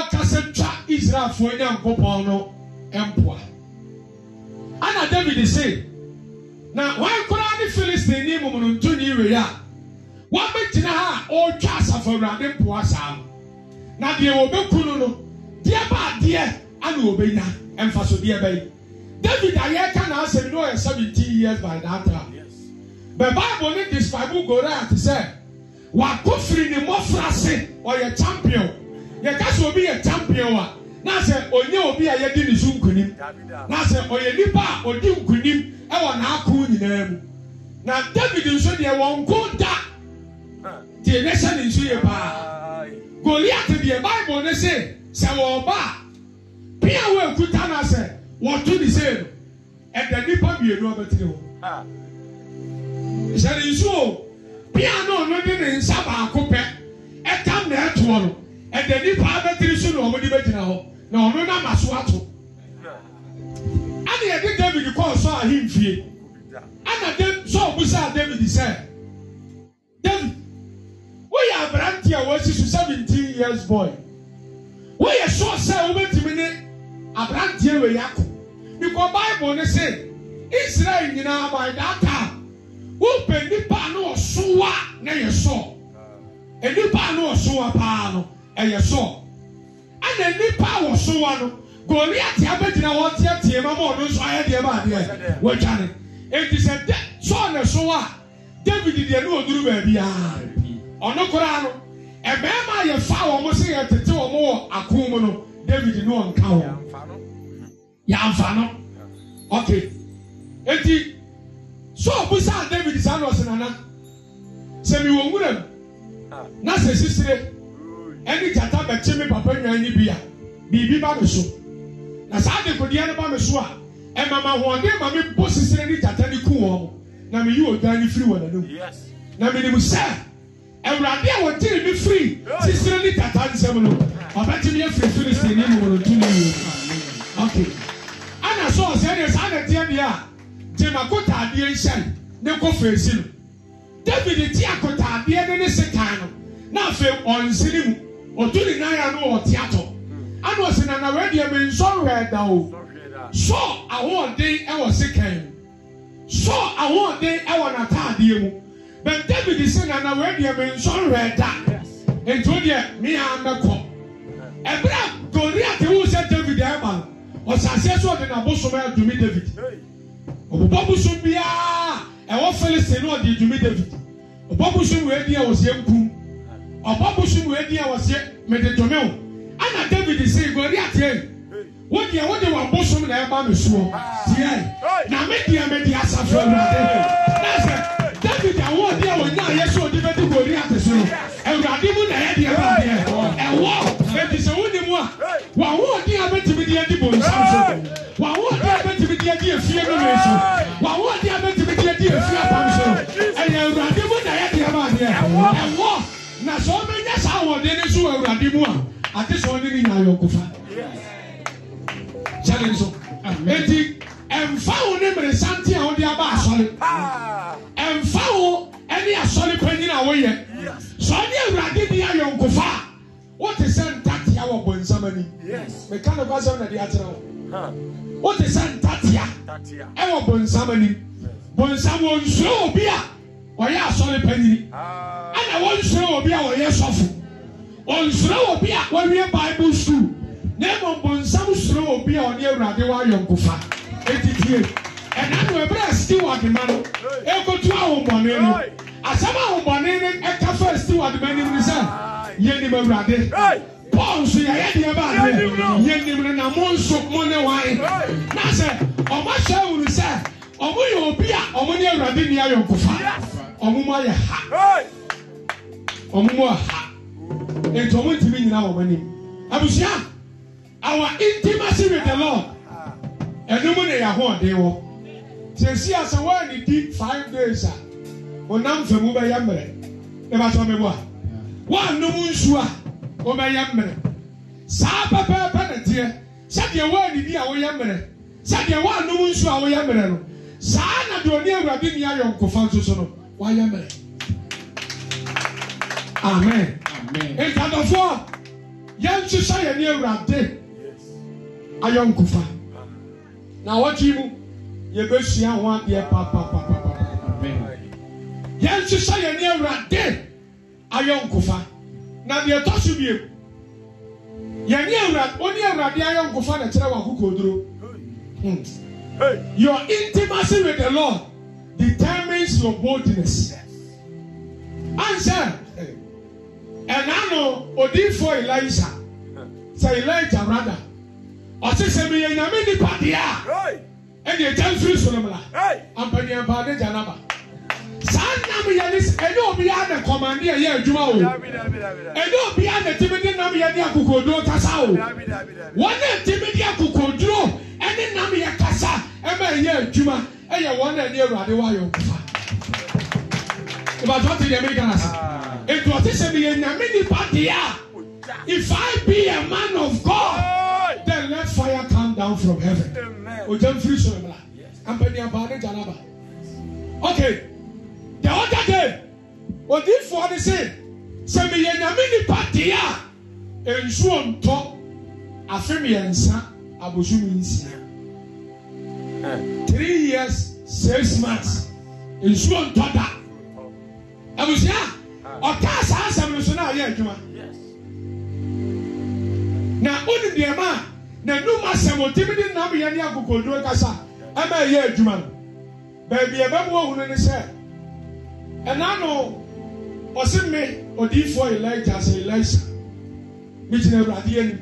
[SPEAKER 1] a kasa twa Israel nyɛ nkɔpɔn no mpoa. David, na david se na wankoraa ne filistini mmunontoni wei a wabɛgyina ha a ɔretwa asafo awurade mpoa saa no na deɛ wɔbɛku no no deɛ baadeɛ ana wɔbɛnya ɛmfa so deɛ bɛyi david ayɛ ka n'asɛm no ɔyɛ seventeen years by that time bɛ baibu ne disipaibu goliath sɛ wakɔ firi ne mmɔfra se ɔyɛ champion yɛ ka sɛ obi yɛ champion a na sɛ onye obi a yɛdi ne so nkunim na sɛ ɔyɛ nipa a ɔdi nkunim ɛwɔ n'ako nyinaa mu na david nso deɛ wɔn ko da deɛ ne hyɛ ne nso yɛ paa goliath deɛ bible ne se sɛ wɔn ba pia wo ekuta na sɛ wɔto ne se no ɛda nipa mienu abɛtiri hɔ hyɛ ne nso o pia na ɔno de ne nsa baako pɛ ɛtam na ɛtoɔ no ɛda nipa abɛtiri so na wɔn de bɛgyina hɔ na ɔno nam aso ato ɛna yɛde david kɔɔ sɔ ahemfie ɛna sɔɔ busa david sɛ david woyɛ aberante a wɔasi so seventeen years boy woyɛ sɔɔ sɛ wobɛtumi ne aberanteɛ wei akɔ nìkɔ bible ne sɛ israel nyinaa by that time wopɛ nipa a na ɔsowa na yɛ sɔɔ ah. nipa a na ɔsowa paa no ɛyɛ sɔɔ ɛna nipa wɔ so wa no goliath abɛgyina wɔn teatea mu ama ɔno nso ayɛ deɛ ma adeɛ wɔdwane eti sɛ de sɔɔ ne so a david deɛ ne oduru baabi a ɔno koraa no ɛbɛrima a yɛfa wɔn sɛ yɛtete wɔn wɔ ako mu no david ne ɔnka wɔn yɛamfa no ok eti sɔɔ busa david saa na ɔsɛ nana sɛ mi mu na sɛ sisire ɛne gyata bɛkye me papa nwan no bi a biribi ba me so na saa adekodeɛ no ba me so a ɛma e ma ahoɔden ma me bɔ sisire ne gyata ne ku wɔn na me yi ɔdan ne firi wɔn anim na me nim sɛ awurade a wɔgyere me firi sisire ne gyata nsɛm no ɔbɛgye me afiri filistini mu wɔn tu ne ok ana so ɔsɛ deɛ saa nɛteɛ deɛ a gyema ko taadeɛ nhyɛn ne kɔ fɛsi no david ti akotaadeɛ ne ne sekan no na afei ɔnsi ne mu wɔto ne nan ano wɔte atɔ ana ɔsi na na wɛdeɛ mi nsɔhwɛ da o sɔ ahoɔden ɛwɔ sekan mu sɔ ahoɔden ɛwɔ n'ataadeɛ mu bɛn david si na na wɛdeɛ mi nsɔhwɛ da nti o deɛ mia mɛkɔ ɛbɛrɛ goliath ewu sɛ david ɛma ɔsaseɛ so ɔde n'abosom ɛdumi david ɔbɛbɔ bosom biara ɛwɔ felisini ɔde dumi david ɔbɔ bosom wɛdiɛ ɔsi enkum ɔbɔ busu mu edi awɔseɛ mede tome o ɛna david si gori ateɛ wo deɛ wo de wɔn bosom na ɛba mi soɔ tiɛ na mi deɛ mi de asafo ɛwurade n'asɛ david awo ɔdi a wɔn nyɛ ayɛ so ɔdi bɛ di gori ate so ɛwurade mu na ɛyɛ deɛ ba deɛ ɛwɔ eti sɛ wo ni mu a wɔn awo ɔdi a bɛ tìmi deɛ di bɔ nsam so wɔn awo ɔdi a bɛ tìmi deɛ di efie nu mi so wɔn awo ɔdi a bɛ tìmi deɛ di efie apam so ɛyɛ ɛwurade mu na ɛyɛ deɛ ba deɛ ɛwɔ na sɛ ɔbɛnya saa wɔde ne so wɔ awurade mu a ate sɛ ɔne ne nya ayɔnkofa sɛne nso eti ɛnfa wo ne mmeresante a wɔde aba asɔre ɛnfa wo ɛne asɔre panyin a wɔyɛ sɛ ɔne awurade ne ayɔnkofa a wote sɛ ntatea wɔ bɔnsam ani meka ne kwa sɛm na de akyerɛ wo wote sɛ ntatea ɛwɔ bɔnsam ani bɔnsam wɔ nsuo obi a wɔyɛ asɔre panyin ɛna wɔnsoro obi a wɔyɛ sɔfo wɔnsoro obi a wɔwie bible school na mmom bonsam soro obi a ɔne awurade wayɔ nkofa etitie ɛna no ebere a steward ma no ekotu ahomɔne no asɛm ahomɔne no ɛka fɛ steward ma anim ne sɛ yɛ nim awurade paul nso yɛyɛ deɛ baadeɛ yɛ nim no na mo nso mo ne wan na sɛ ɔmo ahyɛ wuru sɛ ɔmo yɛ obi a ɔmo ne awurade ni ayɔ nkofa ɔmo mu ayɛ ha ɔmo mu ɔha nti ɔmo ntumi nyina wɔn anim abusua our intimacy with the lord ɛnum ne yɛ ahoɔden wɔ sɛsi asa wɔn di five days a ɔnam fam bɛyɛ mmerɛ ɛbɛ atɔ mi bɔ a wɔn anum nsu a ɔbɛyɛ mmerɛ saa pɛpɛɛpɛ na teɛ sɛdeɛ wɔn ani di a wɔyɛ mmerɛ sɛdeɛ wɔn anum nsu a wɔyɛ mmerɛ no saa na deɛ ɔne awurade ni ayɔ nkɔfa nso so no wayɛ mmerɛ amen nkadɔfoɔ yɛnhyehyɛ yɛne awurade ayɔ nkɔfa na wɔtwi mu yɛbɛsua ho adeɛ papapapa yɛnhyehyɛ yɛne awurade ayɔ nkɔfa na deɛ ɛtɔ so biem yɛne awurade ɔne awurade ayɔ nkɔfa na kyerɛ wɔ akokɔ duro. Hmm. Hey. Your intimacy with the Lord determines your boldness. Answer. And I know Odifo Elijah. Say Elijah rather. Ọsẹ sẹmi yẹ nyame nipa di a. Ẹni ẹja nfiri sọlọmọla. Ampanyinpa adejanaba. Hey saa nam yɛ ne ɛnyɛ obi a na kɔmande ɛyɛ adwuma o ɛnyɛ obi a na mi de nam yɛ de akokoduro kasa o wɔn a timi de akokoduro ɛne nam yɛ kasa ɛma ɛyɛ adwuma ɛyɛ wɔn a ɛne awurade wayɔ nkufa ìbàdàn ti ah. yẹ mi gan ase ètò ọtí sẹbi yẹ nyàmé nípa dìá if I be a man of God then let fire come down from heaven ojá nfiri sọ̀rọ̀ mi la ampẹ̀ni àbá ní jànàbà okay the other day odiifoɔ no se sɛ meyɛ nyame nipa deɛ a nsuo ntɔ afe mmiɛnsa abosom nsia three years six months nsuo ntɔ da abusua ɔtaa saa asɛm no so na ɔyɛ adwuma na onim deɛ ma n'anum asɛm otimi de nam yɛ ne akokoduro kasa ɛma ɛyɛ adwuma no baabi ɛbɛmu ohunu ne sɛ ɛna no ɔsi mi odiifoɔ elija sɛ elisa mi gyina awurade anim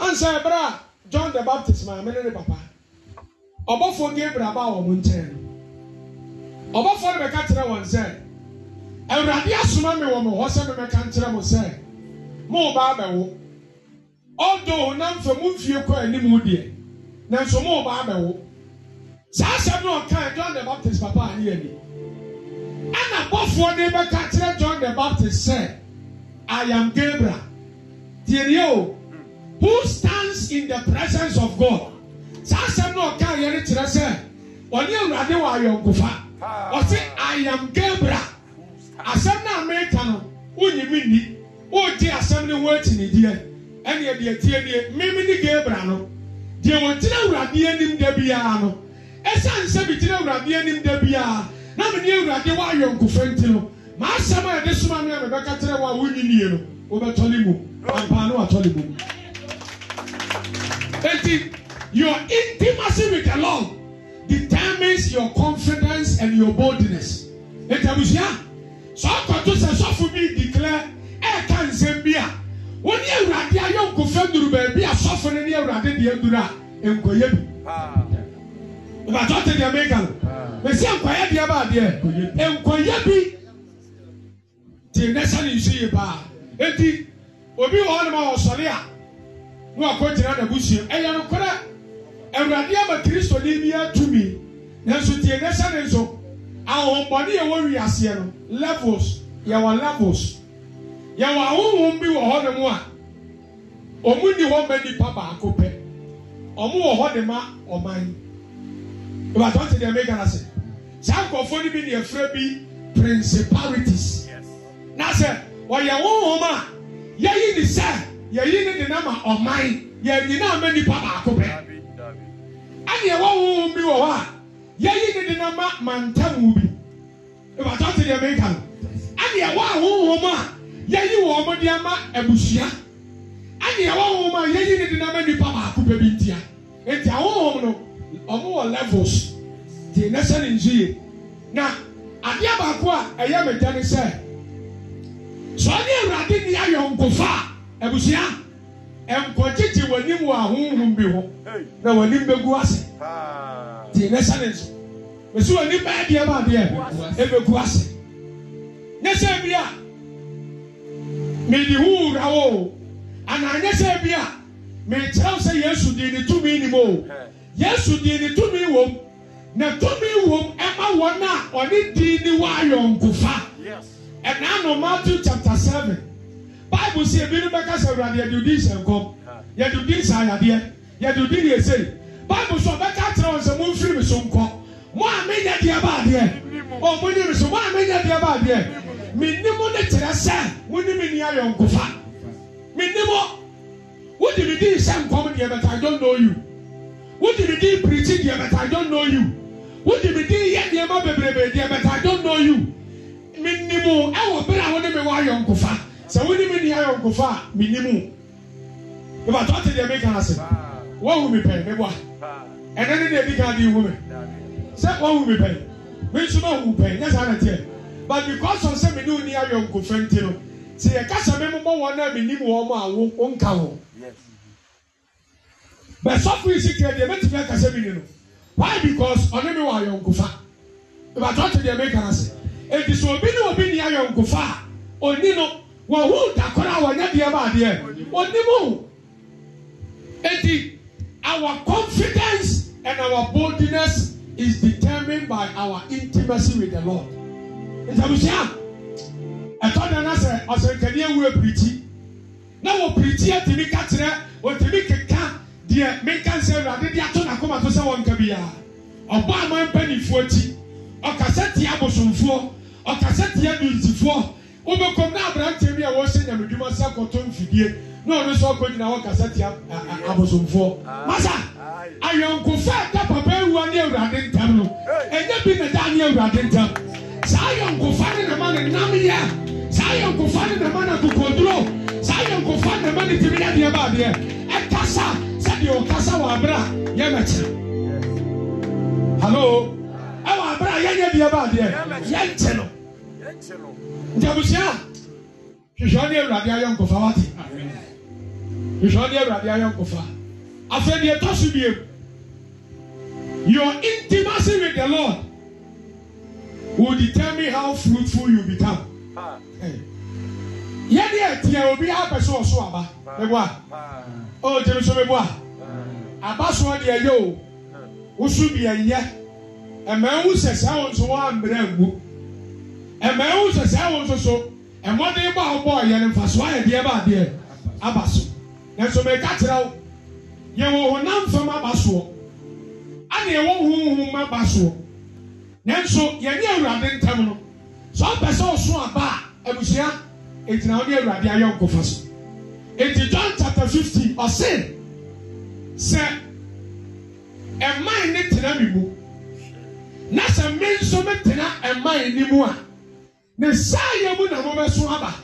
[SPEAKER 1] ansa ɛbrɛ a john the baptist maame ne ne papa ɔbɔfoɔ gabriel aba wɔn nkyɛn no ɔbɔfoɔ no bɛka kyerɛ wɔn sɛ awurade asoma mi wɔ hɔ sɛ mi bɛka nkyerɛ mo sɛ mo ba abɛwo ɔdo na nfa mu fie kɔ anim deɛ nanso mo ba abɛwo saa asɛm no ɔka john the baptist papa ani ani ɛna bɔfoɔ de bɛka kyerɛ john the baptist sɛ i am gabriel tiɛniyɛ o who stands in the presence of god saa asɛm na ɔka yɛ no kyerɛ sɛ ɔne awurade wɔ ayɔnkofa ɔse i am gabriel asɛm na amerika no wonyimi nni wogye asɛm ne ho akyi ne deɛ ɛneɛ deɛ tie nie meme ne gabriel no deɛ wɔgyina awurade anim da biara no ɛsiane sɛ bigyina awurade anim da biara na mene awurade woayɔ nkufa nti no maasɛm a yɛde soma me a mebɛka kyerɛ wo a wonyinie no wobɛtɔle mu ampaa ne watɔle mu enti your intimacy with the lord determines your confidence and your boldness enti abusua sɛ ɔkɔto sɛ sɔfo bi declare ɛɛka nsɛm bi a wone awurade ayɔ nkufa duru baabi a sɔfo no ne awurade deɛ duru a nkɔyɛ bi ìbàtọ́ tẹ deɛ meka no bɛsi nkwayɛ deɛ baa deɛ nkwayɛ bi te ne sɛ ne nsu yie paa eti obi wɔ hɔnom a ɔsɔre a na wakɔ gyina n'abusua ɛyɛ no korɛ awurade ama kristo ne bi atumi nanso tie ne sɛ ne nso ahohombɔne yɛ wɔ wiaseɛ no levels yɛwɔ levels yɛwɔ ahohom bi wɔ hɔnom a ɔmo ni hɔ ma nipa baako pɛ ɔmo wɔ hɔ de ma ɔman ìwà tó ń ti di ẹ̀mí gana sè saa nkurɔfoɔ no bi na efra bi principalities na sɛ wɔyɛ wɔn a yɛyi ni sɛ yɛyi ni de nama ɔman yɛn nyinaa mɛ nipa baako bɛ ɛna ɛwɔ wɔn bi wɔ hɔ a yɛyi ni de nama mantamu bi ìwà tó ń ti di ɛmɛ gana ɛna ɛwɔ ahonhom a yɛyi wɔn de ama abusua ɛna ɛwɔ wɔn a yɛyi ni de nama nipa baako bɛ bi ntia ntia ahonhom no wɔn wɔ levels te ne sɛ ne nsu yie na adeɛ baako a ɛyɛ me dɛ ne sɛ sɛ ɔne awurade ne ayɔ nkofa abusua nkɔgyegye w'anim wɔ ahohom bi ho na w'anim bɛgu ase te ne sɛ ne nsu bɛsi w'anim bɛyɛ deɛ ma deɛ ɛbɛgu ase ne sɛ bi a mede hu wura wo anaa ne sɛ bi a mekyerɛw sɛ yesu de ne tumi nim o yesu dii ni tumi wom na tumi wom ɛma wɔn a ɔne dii ni wɔ ayɔnkofa ɛna ano matthew chapter seven bible si ebi ni bɛka sɛ awurade yɛde odi nsɛn kɔm yɛde odi nsɛn ayadeɛ yɛde odi ni ese bible sɔ bɛka tena wɔn sɛ mo nfiri mi so nkɔ mo a mi nyɛ deɛ ba adeɛ ɔ mo ni mi so mo a mi nyɛ deɛ ba adeɛ mi ni mo ne kyerɛ sɛ mo ni mi ni ayɔnkofa mi ni mo wo di mi di nsɛn kɔm deɛ bɛta i don't know you wọ́n di mi di pirikyi deɛ but I don't know you wọ́n di mi di yɛ nneɛma bebrebe deɛ but I don't know you mi nimu ɛwɔ bere a wɔde mi wɔ ayɔnkofa sɛ wɔn ni mi ni ayɔnkofa a mi nimu ìbàtɔ ti deɛ mi kan ase wɔn hu mi pɛ mi bɔ a ɛnɛ ne deɛ mi kan di hu mi sɛ wɔn hu mi pɛ mi nso ma hu pɛ nyɛ saa na teɛ but because of sɛ mi ni ni ayɔnkofa nti no sɛ yɛ kasa mi mo bɔ wɔn na mi nimu wɔn a wɔn nka wɔn bẹsọfo yi si kẹ deɛ mẹti mi akasa mi ni no why because ɔne mi wɔ ayɔnkofa ìbàtɔ ɔte deɛ mi kara se eti so obi ni obi ni ayɔnkofa a oni no wɔn hu dakora a wɔnyɛ deɛ ba adeɛ oni mu eti our confidence and our boldness is determined by our intimacy with the lord ntabusia ɛtɔ dan na sɛ ɔsɛnkani ewu epiriti na wɔ piriti etimi kakyerɛ otimi keka deɛ meka nsɛ awurade de ato n'akoma to sɛ wɔnka biara ɔbɔ aman mpanimfoɔ akyi ɔkasa tia abosomfoɔ ɔkasa tia dunsifoɔ wobɛkɔm na aberanteɛ bi a wɔhyɛ nyamedwuma sɛ kɔtɔ mfidie na ɔno nso akɔgyina wɔkasa tia abosomfoɔ masa ayɔnkofa a ɛda papa awua ne awurade ntam no ɛnyɛ bi na daa ne awurade ntam saa ayɔnkofa ne nama ne nam yɛ saa ayɔnkofa ne nama ne akokoduro saa ayɔnkofa ne nama ne timi yɛ deɛ baadeɛ ɛkasa deɛ ɔkasa wɔ abera yɛ mɛkyerɛ hallo ɛwɔ abera yɛnyɛ deɛ ba adeɛ yɛnkyɛ no ntabusua hwehwɛ ɔne awurade ayɛ nkɔfa wate hwehwɛ ɔne awurade ayɛ nkɔfa afei deɛ ɛtɔ so biem your intimacy with the lord will determine how fruitful you become. Ah. Hey. yɛde ɛteɛ obi apɛ sɛ ɔso aba meboa ɔgyeme ah. oh, so meboa abasoɔ deɛ yɛ o woso deɛ nyɛ ɛmɛnwu sɛ saa wɔn nso wɔn ambrɛ ngu ɛmɛnwu sɛ saa wɔn nso so ɛmɔden ba ɔbɔ yɛ ne nfaso ayɛ deɛ ba adeɛ aba so nanso mɛka kyerɛ wo yɛ wɔ honam fam abasoɔ ɛna ɛwɔ huhum abasoɔ nanso yɛne awurade ntam no sɛ ɔpɛ sɛ ɔso aba a abusua egyina wɔn ne awurade ayɛ nkofa so eti john chapter fifteen ɔsɛn sɛ ɛman ne tena mi mu na sɛ me nso me tena ɛman ne mu a ne saayɛ mu na mo mobɛso ah. aba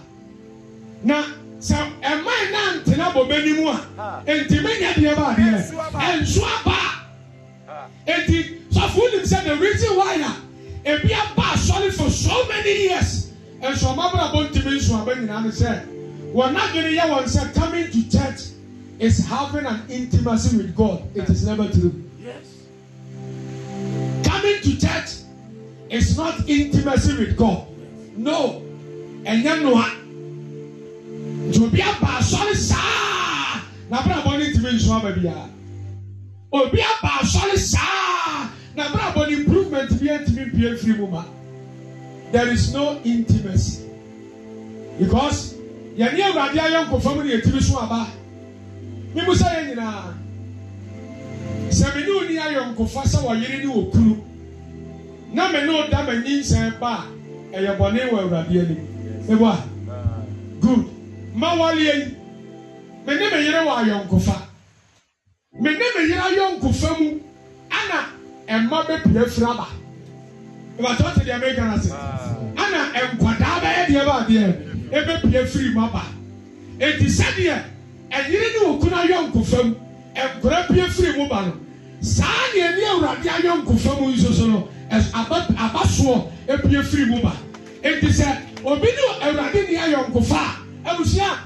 [SPEAKER 1] na sɛ ɛman na ntena bobe ne mu a nti menya deɛ ba adeɛ ah. ɛnso aba nti sɔfo nim sɛ the reason why a ebi aba asɔre for so many years ɛnso ɔmabrabɔ ntumi nso aba nyinaa ne sɛ wɔn adwene yɛ wɔn sɛ coming to church is having an intimacy with God. It is never true. Yes. Coming to church is not intimacy with God. No. Ẹ̀yẹ́ nù ha. Jòbí àbá asọ́rí sáà. N'abúlàbọ̀ ní tìmí nsúmọ́ bẹ̀bí yá. Òbí àbá asọ́rí sáà. N'abúlàbọ̀ ní improvement bí ẹ̀ tìmí bí firi mu ma. There is no intimacy. Because yẹn ní ẹ̀wúrọ̀ adé ayé nkòfọ́mù ni ètìmí sún àbá mímu sɛ yɛ nyinaa sɛ me ne wo ni ayɔnkofa sɛ wɔyere ne wɔ kuru na me ne wo da m'ani nsɛn ba a ɛyɛ bɔne wɔ awurade anim ebo a good ma wɔleɛ yi me ne me yere wɔ ayɔnkofa me ne me yere ayɔnkofa mu ana ɛma bɛpie fira ba ebatɔ te deɛ meka na se ana nkwadaa bɛyɛ deɛ baadeɛ ebɛpie firi ma ba eti sɛdeɛ ɛyere ni okunu ayɔnko fam nkora pie firi mu ba no saa ne ani awurade ayɔnko fam yi soso no aba abasoɔ epie firi mu ba eti sɛ obi ne awurade ne ayɔnko fa abusua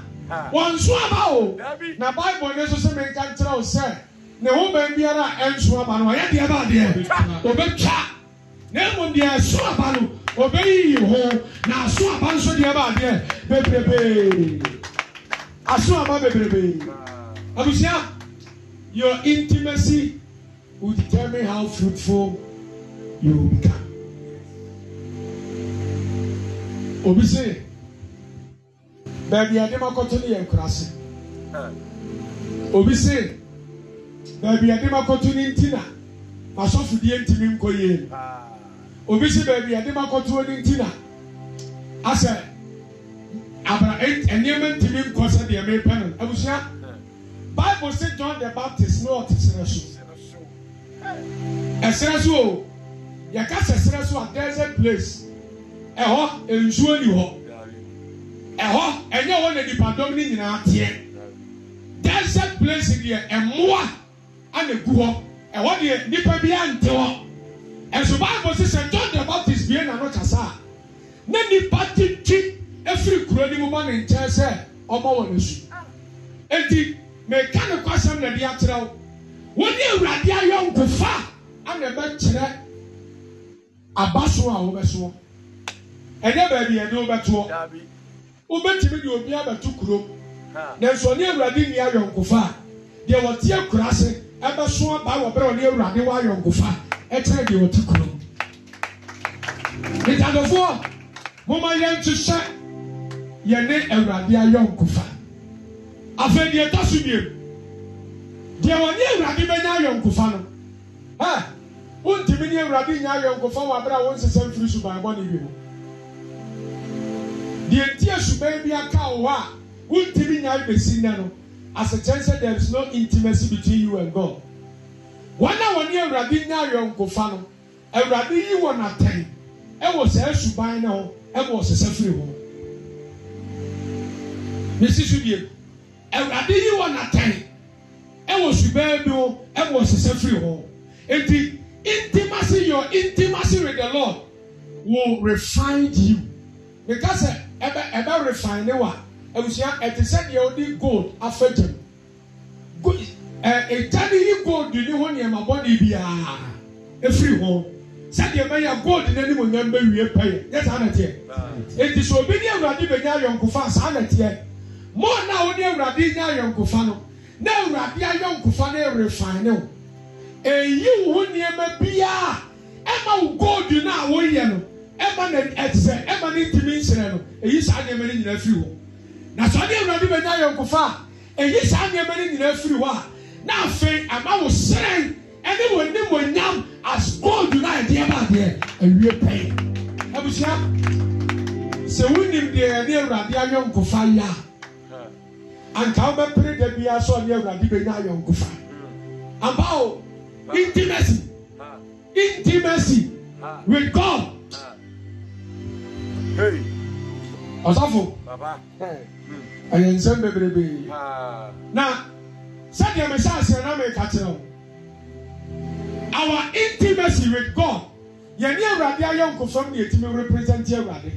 [SPEAKER 1] wɔn nso aba o na baibul ne soso mi nka nkyerɛ o sɛ ne ho bɛn biara ɛnso aba no ɔyɛ deɛ ba adeɛ obetwa na emu deɛ ɛso aba no obeyi ho na aso aba nso deɛ ba adeɛ bebrebe aso ama bebrebe abusua your intimacy will determine how fruitful you will become obi sè baabi adé ma kọtó ni yẹ nkura sè obi sè baabi adé ma kọtó ni ntina asọfidie ntumi nkọ yie obi sè baabi adé ma kọtó ni ntina asẹ abra eh, nneɛma ntumi nkɔ sɛ deɛ mepɛ no abusua bible sɛ john the baptist ne ɔte serɛ so ɛserɛ so o yɛka sɛ serɛ so a desert place ɛhɔ nsuo ni hɔ ɛhɔ ɛnyɛ hɔ na nipadɔm ne nyinaa teɛ desert place deɛ ɛmoa ana egu hɔ ɛhɔ eh, deɛ nipa bi ante hɔ ɛso eh, bible sɛ sɛ john the baptist bie na no kasa a na ti. titwi efiri kuro ni mu ma ne nkyɛn sɛ ɔma wɔ ne so eti meka ne kwasɛm na de akyerɛw wɔne awurade ayɔ nkofa ana ɛbɛkyerɛ aba so a wɔbɛsoɔ ɛnyɛ baabi ɛne wɔbɛtoɔ wobɛtumi de obi abɛto kurom nanso ɔne awurade nni ayɔ nkofa a deɛ wɔte akura ase ɛbɛso aba wɔ bere ɔne awurade wɔ ayɔ nkofa ɛkyerɛ deɛ wɔte kurom ntadofoɔ moma yɛn to hyɛ yɛne awurade ayɔ nkofa afei deɛ ɛtɔ so mmienu deɛ wɔne awurade bɛnya ayɔ nkofa no ɛ wontumi ne awurade nya ayɔ nkofa wɔ abere a wɔnsesa mfiri suban bɔ ne wie no deɛ nti asuban bi aka wɔ hɔ a wontumi nya abɛsi nnɛ no asekyɛn sɛ there is no intimacy between you and God wɔn a wɔne awurade nya ayɔ nkofa no awurade yi wɔn atɛn ɛwɔ saa suban no ho ɛwɔ ɔsesa firi hɔ mesi so bie awurade yi wɔ natan ɛwɔ subaa bi o ɛwɔ sese firi hɔ eti intimacy your intimacy with the lord will refine you because ɛbɛ ɛbɛ refine wa abusua ɛte sɛ deɛ ɔde gold afa gyam gold ɛɛ ɛgya de yi gold ne ho nneɛma bɔ ne biara efiri hɔ sɛdeɛ bɛyɛ gold n'anim onyam bɛwie pɛyɛ yɛ saa na teɛ eti sɛ obi ne awurade bɛnya ayɔnkofa saa na teɛ mo na wo ne awurade nya ayɔnkofa no na awurade ayɔnkofa no refine ne wo eyi wo nneɛma biara ɛma wo gold no a woyɛ no ɛma na ɛtisɛ ɛma ne ntumi nhyerɛ no eyi saa nneɛma no nyinaa firi hɔ na sɔ ne awurade bɛ nya ayɔnkofa eyi saa nneɛma no nyinaa firi hɔ a na afei ama wo srɛn ɛne wo ne mo nyam as gold no a ɛdeɛ ba adeɛ awie pɛn abusua sɛ wunim deɛ ɛne awurade ayɔnkofa yɛ a anka wobɛpere da biara sɛ ɔne awurade bɛnya ayɔnkofa ampa o intimacy intimacy with god ɔsafo ɛyɛ nsɛm bebrebee na sɛdeɛ mesɛ aseɛ na meka kyerɛ wo our intimacy with god yɛne awurade ayɔnkofam ne yɛtumi represent awurade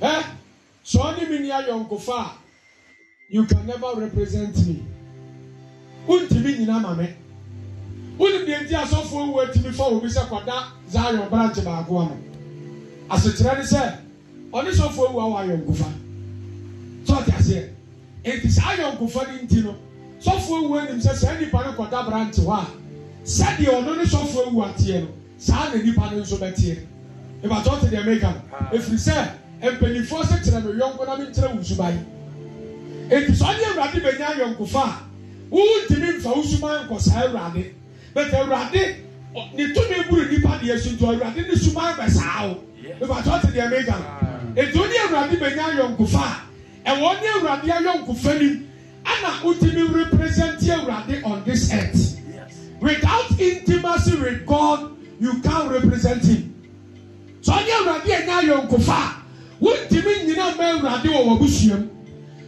[SPEAKER 1] ɛ sɛ ɔne me ni ayɔnkofa a you can never represent me wuntumi nyina ma me wunim deɛ nti asɔfoɔ wu atumi fa obi sɛ kɔda zion branch baako ano asekyerɛ ne sɛ ɔne sɔfoɔ wu a wayɔ nkufa sɔɔte aseɛ eti saa ayɔ nkufa ne nti no sɔfoɔ wu anim sɛ saa nipa no kɔda branch hɔ a sɛdeɛ ɔno ne sɔfoɔ wu ateɛ no saa na nipa no nso bɛteɛ ebatɔ te deɛ meka no efiri sɛ mpanyinfoɔ sɛ kyerɛ no yɔnko na mi nkyerɛ wusuba yi eti sọ ɔne awurade bɛ nya ayɔnkofa a wuntumi nfa wusuma nkɔsa awurade bɛtɛ awurade ne tumi buru nipa deɛ so nti awurade ne suma bɛ saa o ebatɔ te deɛ mega eti ɔne awurade bɛ nya ayɔnkofa a ɛwɔ ɔne awurade ayɔnkofa nim ɛna wutumi represent awurade on this earth without intimacy with God you can't represent him sọ ɔne awurade yɛ nya ayɔnkofa a wuntumi nyina mɛ awurade wɔ wɔn abusua mu.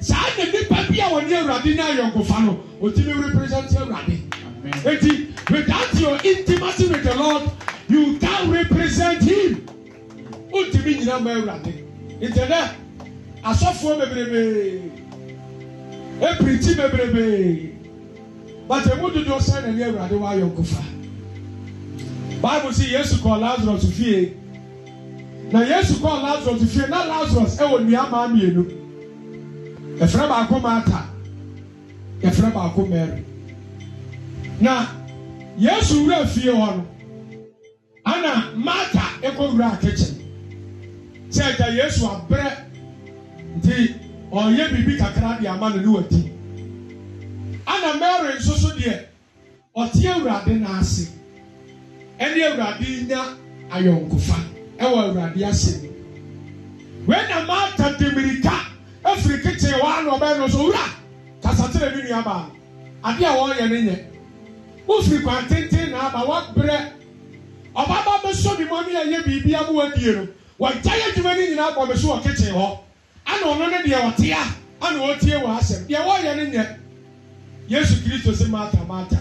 [SPEAKER 1] saa na nipa bi a wɔne awurade na ayɔnkofa no otumi represent awurade eti without your intimacy with the lord you can represent him otumi nyina ma awurade ntɛnɛ asɔfoɔ bebrebe epiriti bebrebe bàtà emu dodo sɛ na ne awurade wa ayɔnkofa baabu si yesu kɔ lazarus fie na yesu kɔ lazarus fie na lazarus ɛwɔ nua maa mienu yɛfrɛ baako maata yɛfrɛ baako mary na yesu wura fie hɔ no ana maata ɛkɔ wura akɛkyɛ sɛ ɛgya yesu abrɛ nti ɔyɛ biribi kakra de ama no ne wati ana mary nso so deɛ ɔte awurade n'ase ɛne awurade nya ayɔnkofa ɛwɔ awurade ase wɛna maata demirika efiri kitchen wa na ɔbɛn no so wura kasatere bi nua baa ade a wɔreyɛ ne nyɛ wofiri kwan tenten na aba wabrɛ ɔbaba bɛsɔ bi mu ɔne yɛ biribi ama die. no wɔgya yɛ adwuma ne nyinaa bɔ bɛso wɔ kitchen hɔ ana ɔno ne deɛ ɔte a ana ɔtie wɔ asɛm deɛ wɔreyɛ ne nyɛ yesu kristo sɛ maata maata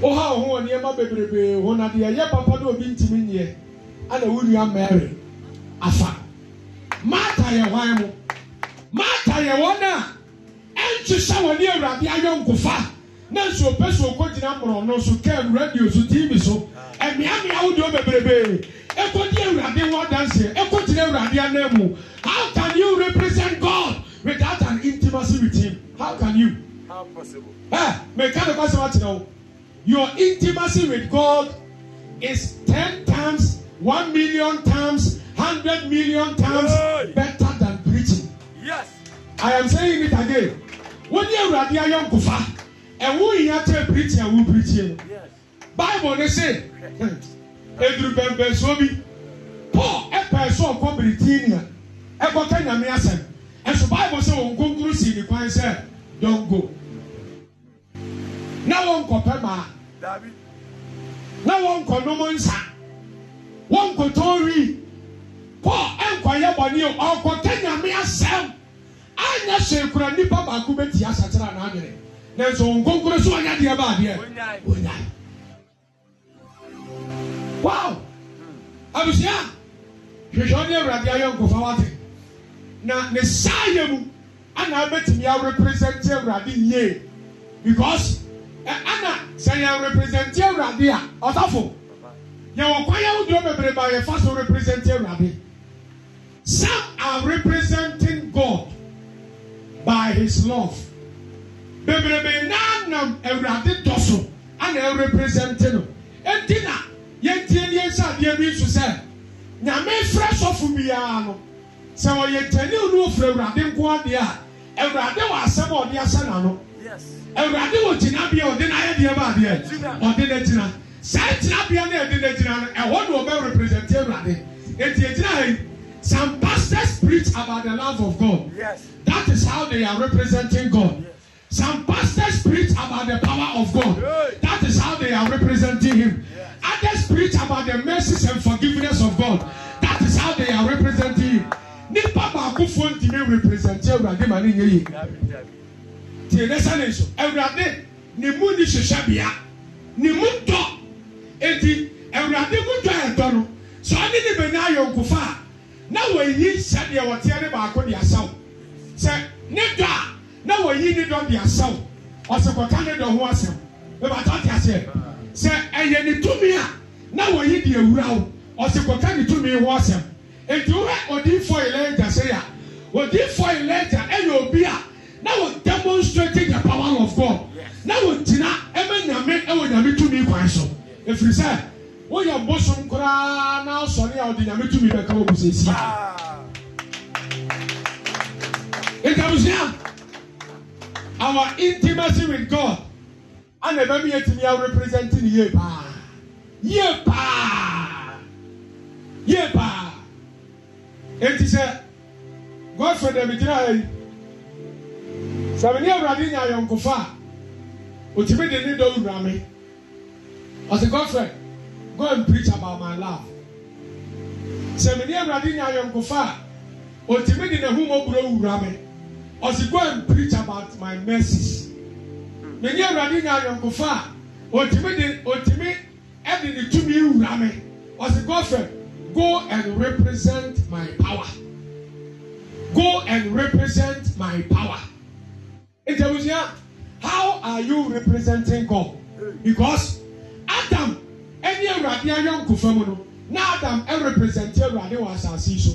[SPEAKER 1] woha wo ho wɔ oh, nneɛma bebrebee ho oh, na deɛ ɛyɛ papa ne obi ntumi nyeɛ ana wo nua mary afa maata yɛ hwan mu mata yɛ wɔn a ɛntwehwɛ wɔn ne awurade ayɔ nkofa na nso opɛ so okɔ gyina mmorɔ no so kɛn radio so tv so ɛmiamia ahodoɔ bebrebe ekɔ di awurade wɔ danse ekɔ gyina awurade anan mu how can you represent god without an intimacy with him how can you. how possible. ɛ mɛ ká ló bá sọ wá tẹ̀lé o your intimacy with god is ten times one million times hundred million times. Hey. I am saying it again. Wọ́n ní Awurade ayọ̀ nkufa. Ẹ̀wọ́ ìyá tẹ píríkì ẹ̀wọ́ píríkì mu. Bible ni sè eduru bẹ̀mbẹ̀nsuo bi. Paul ẹ̀pẹ̀ ẹ̀sọ́ ọ̀kọ́ Bìrìtìnìà ẹ̀kọ́kẹ́ nyàmé asẹ̀m. Ẹ̀sùn Bible sẹ wọn kúnkún sí ní kwan sẹ don go. Na wọn kọ pẹ́ màá. Na wọn kọ nomu nsa. Wọn kò tó rí. Paul ẹ̀nkọ̀ yẹ bọ̀ ní Kenya nyàmé asẹ̀m anya hyɛ nkura nipa baako bɛ tia asakyera na adwene nkonkoro so anya deɛ ba adeɛ onyaa wow abusua hwehwɛ ɔne awurade ayɛ nkofa wate na ne saayɛ mu ana abɛtumi awerepresente awurade yie because ɛ ana sɛ yɛ represente awurade a ɔtafo yɛwɔ kwan ahodoɔ bebree ba yɛfa so represente awurade some are representing god by his love bebrebe nanam awurade dɔ so ana ɛrepresente no eti na yɛntie ne yɛnsa adeɛ bi nso sɛ nyame fira sɔfo biara no sɛ ɔyɛ tɛniw no ofura awurade nko adeɛ a awurade wɔ asɛm a ɔde ahyɛ n'ano awurade wɔ gyinabea ɔde n'ayɛ deɛ ba adeɛ ɔde n'agyina saa gyinabea no a yɛde n'agyina no ɛhɔ na ɔbɛ represente awurade eti egyina ha yi. Some pastors preach about the love of God. Yes. That is how they are representing God. Yes. Some pastors preach about the power of God. Good. That is how they are representing Him. Yes. Others preach about the mercies and forgiveness of God. That is how they are representing Him. Nípa baako fún ntìmí represent Ewurade ma ne nye yie. Tie ne sani nso, Ewurade ne ni hyehyɛ bea, ne mu dɔ, eti Ewurade mu dɔ yɛ dɔ no, sɛ ɔne ne bɛ ne ayɔ nkofa a na wɔyi sɛdeɛ wɔteɛ ne baako de asaw sɛ ne dɔ a na wɔyi ne dɔ de asaw ɔsɛ kɔka ne dɔ ho asɛm bɛbata te aseɛ sɛ ɛyɛ ne tumi a na wɔyi de awura wo ɔsɛ kɔka ne tumi ho asɛm nti wohɛ odiifo elɛgya sɛ a odiifo elɛgya ɛyɛ obi a na wɔ demonstrate the power of god na wɔ gyina ɛmɛ nyame ɛwɔ nyame tumi kwan so efiri sɛ woyɛ bosom koraa na asɔre a ɔde nyame tumi bɛka wo busɛsi ah. ntabusua our intimacy with god ana ɛbɛmi yɛtumi arepresent ne yie paa yie paa yie paa eti sɛ godfrey dɛm gyina ha yi sɛmini awurade nya ayɔnkofa a otumi de ne dɔ wura mi ɔsi godfrey go and preach about my love sɛ mene awurade nya ayɔnkofa di ɔtumi de n'ahum aburo wura me go and preach about my mercies mene awurade nya ayɔnkofa a di de ɔtumi ɛde ne tumi wura me go fɛ go and represent my power go and represent my power ntabusia how are you representing God because Adam ɛne awurade ayɔnko fam no na adam ɛrepresente awurade wɔ asase yi so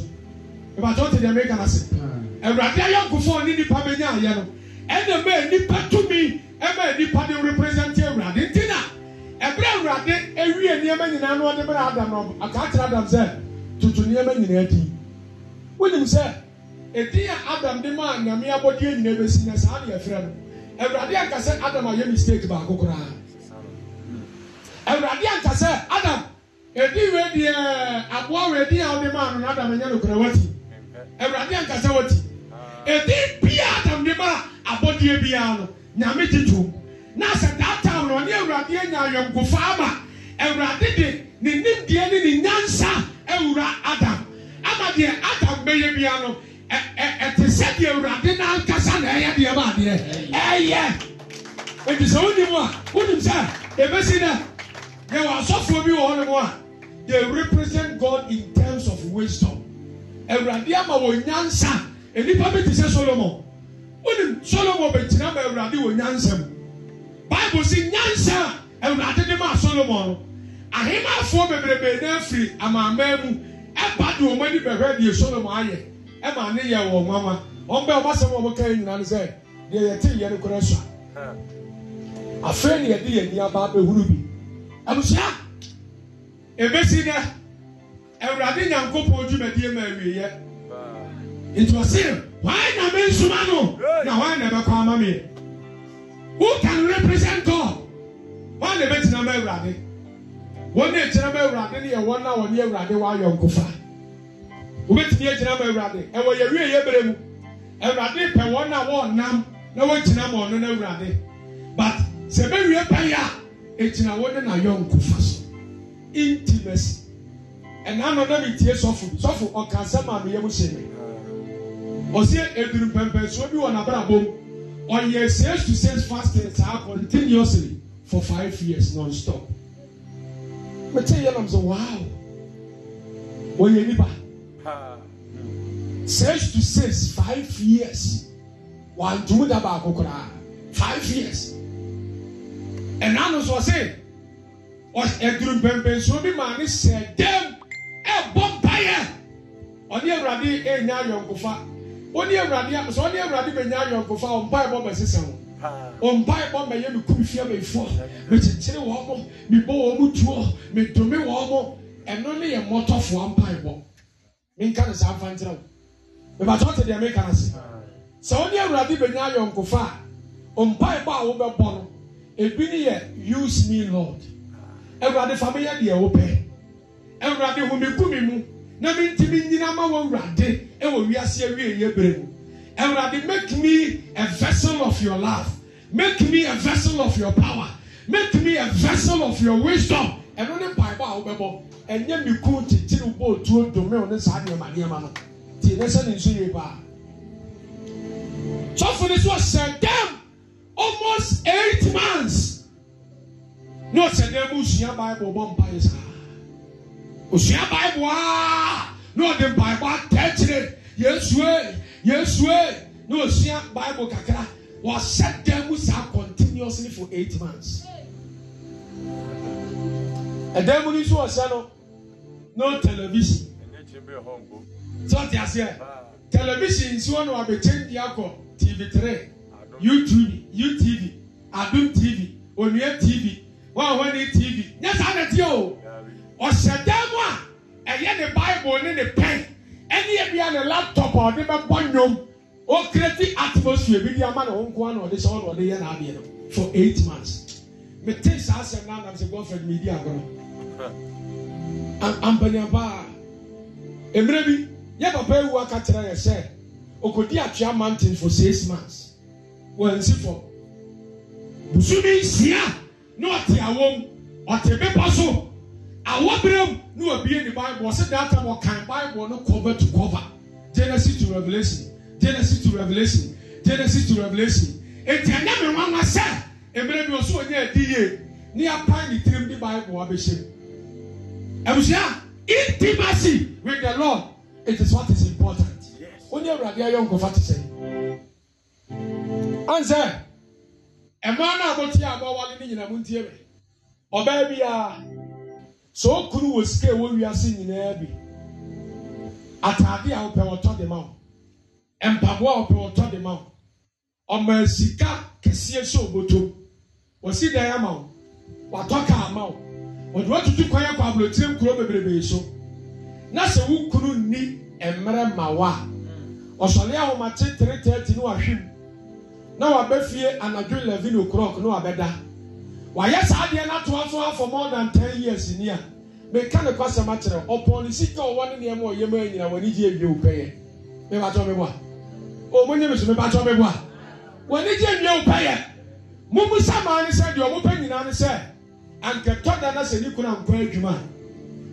[SPEAKER 1] ìbàtí wọn ti di amẹ́ríkà náà sè awurade ayɔnko fam ne nipa bɛ nyɛ ayɛ no ɛna mɛ nipa tumi ɛmɛ nipa de represente awurade nti na ɛbrɛ awurade ewie nneɛma nyinaa no ɔde bɛrɛ adam no akakyerɛ adam sɛ tutu nneɛma nyinaa di wɔnim sɛ edi a adam de maa nyame abɔdeɛ nyinaa bɛsi na saa deɛ fira no awurade akasɛ adam ayɛ mistake baako koraa awurade anka sɛ adam edi wei deɛ aboa wei di a ɔde maa no na adam enya no kura wati awurade anka sɛ wati edi bia adam de maa abɔdeɛ bia no nyame titu na sɛ that time no ɔne awurade anya ayɔnkofa ama awurade de ne nimdeɛ ne ne nyansa awura adam ama deɛ adam bɛyɛ bia no ɛ ɛ ɛte sɛ deɛ awurade n'ankasa na ɛyɛ deɛ maa deɛ ɛyɛ ebi sɛ wonim a wonim sɛ ebesi na yẹwọ asọfo bi wọ ọnum a they represent God in terms of wisdom awurade ama wọ nyansa enipa bi ti sẹ Solomon wọnum Solomon bẹ gyina ma awurade wọ nyansa mu Bible si nyansa awurade ne ma Solomon no ahemafo bebrebe na efiri amaamaa mu ɛba de wɔn ani bɛhwɛ deɛ Solomon ayɛ ɛma ne yɛ wɔn mama wɔn bɛ wɔn asɛm wɔn kan nyinaa no sɛ deɛ yɛte yɛ no so a afei ne yɛde yɛn ni aba abɛhuru bi abusua ebesi dɛ awurade nyankopɔn dwumadie ma awieɛ nti ɔse wɔn na me nsoma no na wɔn na ɛbɛkɔ ama mi who can represent God wɔn na ebɛgyina ma awurade wɔn na egyina ma awurade no yɛ wɔn na wɔn ne awurade wɔayɔ nkofa wobɛtumi agyina ma awurade ɛwɔ yɛ wie yɛ bere mu awurade pɛ wɔn na wɔn nam na wɔn gyina ma ɔno na awurade but sɛ bɛwie pɛ yɛ egyina wo ne n'ayɔnko fa so intimacy ɛna no na mi tie sɔfo sɔfo ɔka asɛm a meyɛ mo hyɛ mi ɔsi eduru pɛmpɛnsuo bi wɔ n'abrabɔ mu ɔyɛ six to six fasting saa continuously for five years non-stop mɛtɛ yɛ nam sɛ wow wɔyɛ nipa six to six five years wɔn antum da baako koraa five years ɛna no ah. ah. so ɔse ɛduru mpɛmpɛnsuo bi maa ne sɛ dɛm ɛbɔ mpaeɛ ɔne awurade ɛnya ayɔnkofa ɔne awurade sɛ ɔne awurade bɛnya ayɔnkofa ɔmpae bɔ bɛsesa ho ɔmpae bɔ bɛyɛ me kuru fia bɛyifoɔ mekyekyere wɔn mo mebɔ wɔn mo tuo medome wɔn mo ɛno ne yɛ mmɔtɔfoɔ mpae bɔ menka no saa mfa nkyerɛ wo mebatɔ te deɛ meka no se sɛ ɔne awurade bɛnya ayɔnkofa a ɔmpae bɔ a no ebi ni yɛ use me lord ɛwurade fa mi yɛ deɛ o pɛ ɛwurade humi gu mi mu na mi ti mi nyina ma wɔ ɛwurade ɛwɔ wiase awie yɛ bere mu ɛwurade make me a vessel of your love make me a vessel of your power make me a vessel of your wisdom ɛno ne mpaebɔ a wobɛbɔ ɛnyɛ mi kun titiri bootuo domew ne saa nneɛma nneɛma no tie ne sɛ ne nsu yie paa sɔfo ne so ɔhyɛ dɛm almost eight months na ɔsɛ dɛ mu sua bible bɔ mpaeɛ saa osua bible aa na ɔde mpaebɔ atɛkyerɛ yɛsue yɛsue na osua bible kakra wɔhyɛ dɛ mu saa continuously for eight months ɛdɛm mu ni nso ɔhyɛ no no television sɛ ɔte aseɛ television nso na wabɛkyɛn di akɔ tv three youtube utv adum tv onua tv wọn wọn ni tv nyɛ saa na ti o ɔhyɛ dan mu a ɛyɛ ne bible ne ne pɛn ɛne ebia ne laptop a ɔde bɛ bɔ nnwom okireti atmosphere bi di ama na nko ana ɔde sɛ ɔna ɔde yɛ n'adeɛ no for eight months me te saa asɛm na anam sɛ girlfriend mi di agorɔ ampanyaba mmerɛ bi yɛ papa ewu aka kyerɛ yɛ sɛ okodi atwea mountain for six months wɔnsi fam busumi nsia na ɔte awɔ mu ɔte bepɔ so awɔ bere mu na wabie ne bible ɔsɛ data wɔ kan bible no cover to cover genesis to revolution genesis to revolution genesis to revolution eti ɛnyɛ mi nwanwa sɛ ebere bi ɔso onye adi yie ne apa ne tirim de bible abɛhyɛ mu abusua intimacy with the lord it is what is important onye awurade ayɔ nkɔfa te sɛ. ansɛ mmaa no abɔte a abɔwale no nyinaa mu ntie me ɔbaa bi a sɛ okuru wɔ sika ɛwɔ wiase nyinaa bi ataade a wɔpɛ wɔtɔ de ma wo a wɔpɛ wɔtɔ de ma wo ɔmaa sika kɛseɛ sɛ ɔbɔtɔ wɔsi dan ama wo wɔatɔ kaa ama wo wɔde wɔtutu kwan akɔ abolotirim kuro bebrebe so na sɛ wo nni mmerɛ ma tere tɛɛti ne na wabɛfie anadwo eleven o'clock na wabɛda wayɛ saa adeɛ no atoa so afɔ more than ten years ni a meka ne kwasɛm akyerɛ ɔpɔn ne sika ɔwɔ ne nneɛma ɔyɛ mu anyina wɔn ani gye ewie wo pɛyɛ mebatɔ me boa ɔmo nye me so mebatɔ me boa wɔn ani gye ewie wo pɛyɛ mumu samaa ne sɛ deɛ ɔmo pɛ nyinaa ne sɛ ankɛtɔ da na sɛ ne kunu ankɔ adwuma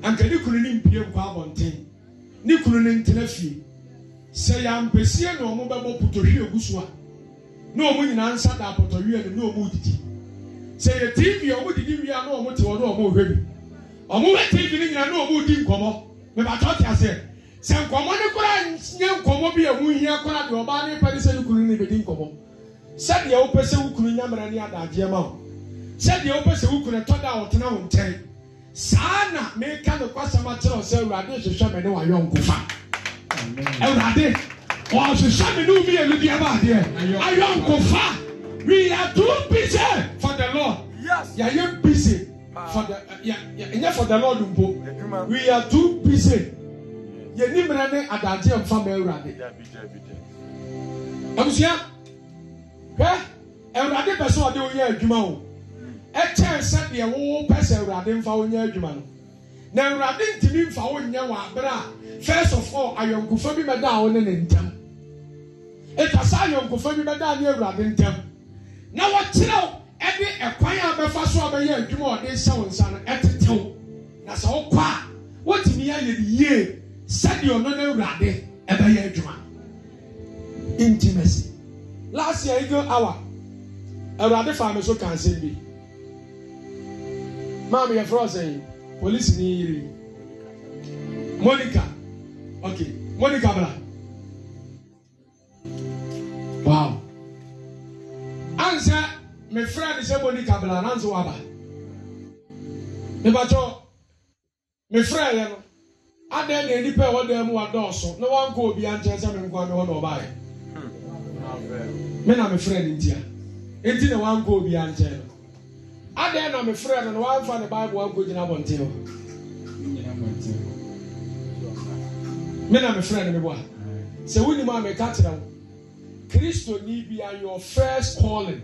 [SPEAKER 1] anka ne kunu ne mpie nkɔ abɔnten ne kunu ne ntena fie sɛ yɛn ampesie na ɔmo bɛbɔ potohwi egu so a na wɔn nyinaa nsa da apɔtɔwia no na wɔn redidi sɛ yɛ tv a wɔn didi wia na wɔn te hɔ na wɔn rehwɛ bi wɔn wɛ tv no nyinaa na wɔn redi nkɔmɔ mɛbatɔ te aseɛ sɛ nkɔmɔ ne kora nye nkɔmɔ bi a wɔn hia kora deɛ ɔbaa ne pɛ ne sɛ ne kunu ne bɛdi nkɔmɔ sɛdeɛ wɔpɛ sɛ wukunu nyamara ne adadeɛ ma wo sɛdeɛ wɔpɛ sɛ wukunu tɔ da a wɔtena wɔn nkyɛn saa na mɛka ne kwasɛm akyerɛ sɛ awurade hwehwɛ mɛ ne wayɔ nkofa awurade wɔhyehyɛ me ne mmienu deɛ baadeɛ ayɔnkofa we are too busy for the lord yɛayɛ busy for the ɛnyɛ uh, for the lord mpo we are too busy yɛni mmerɛ ne adadeɛ mfa ma awurade abusua hwɛ awurade pɛ sɛ ɔde woyɛ adwuma o ɛkyɛn sɛ deɛ wowɔ pɛ sɛ awurade mfa wonyɛ adwuma no na awurade ntumi mfa wonyɛ wɔ abere first of all ayɔnkofa bi mɛda a wo ne ne ntam ɛta saa yɔnkofa bi bɛda ne awurade ntɛm na wɔkyerɛw ɛde ɛkwan a bɛfa so a bɛyɛ adwuma a ɔde nhyɛ wo nsa no ɛtetew na sɛ wokɔ a wotumi ayɛ de yie sɛdeɛ ɔno no awurade ɛbɛyɛ adwuma intimacy last year eagle hour awurade fa me so ka nsɛm bi maa mi yɛ fɔlɔ sɛn polisi ni yiri monica okay monica bla. wow ansɛ my friend sɛ boni kabla nanso waba mebatɔ me friend yɛ no adan na nipa ɛwɔ dan mu wadɔɔso na wankɔ obi ankyɛn sɛ me na friend ntia nti na na me friend no na wamfa ne bible na my friend me Kristoni bia your first calling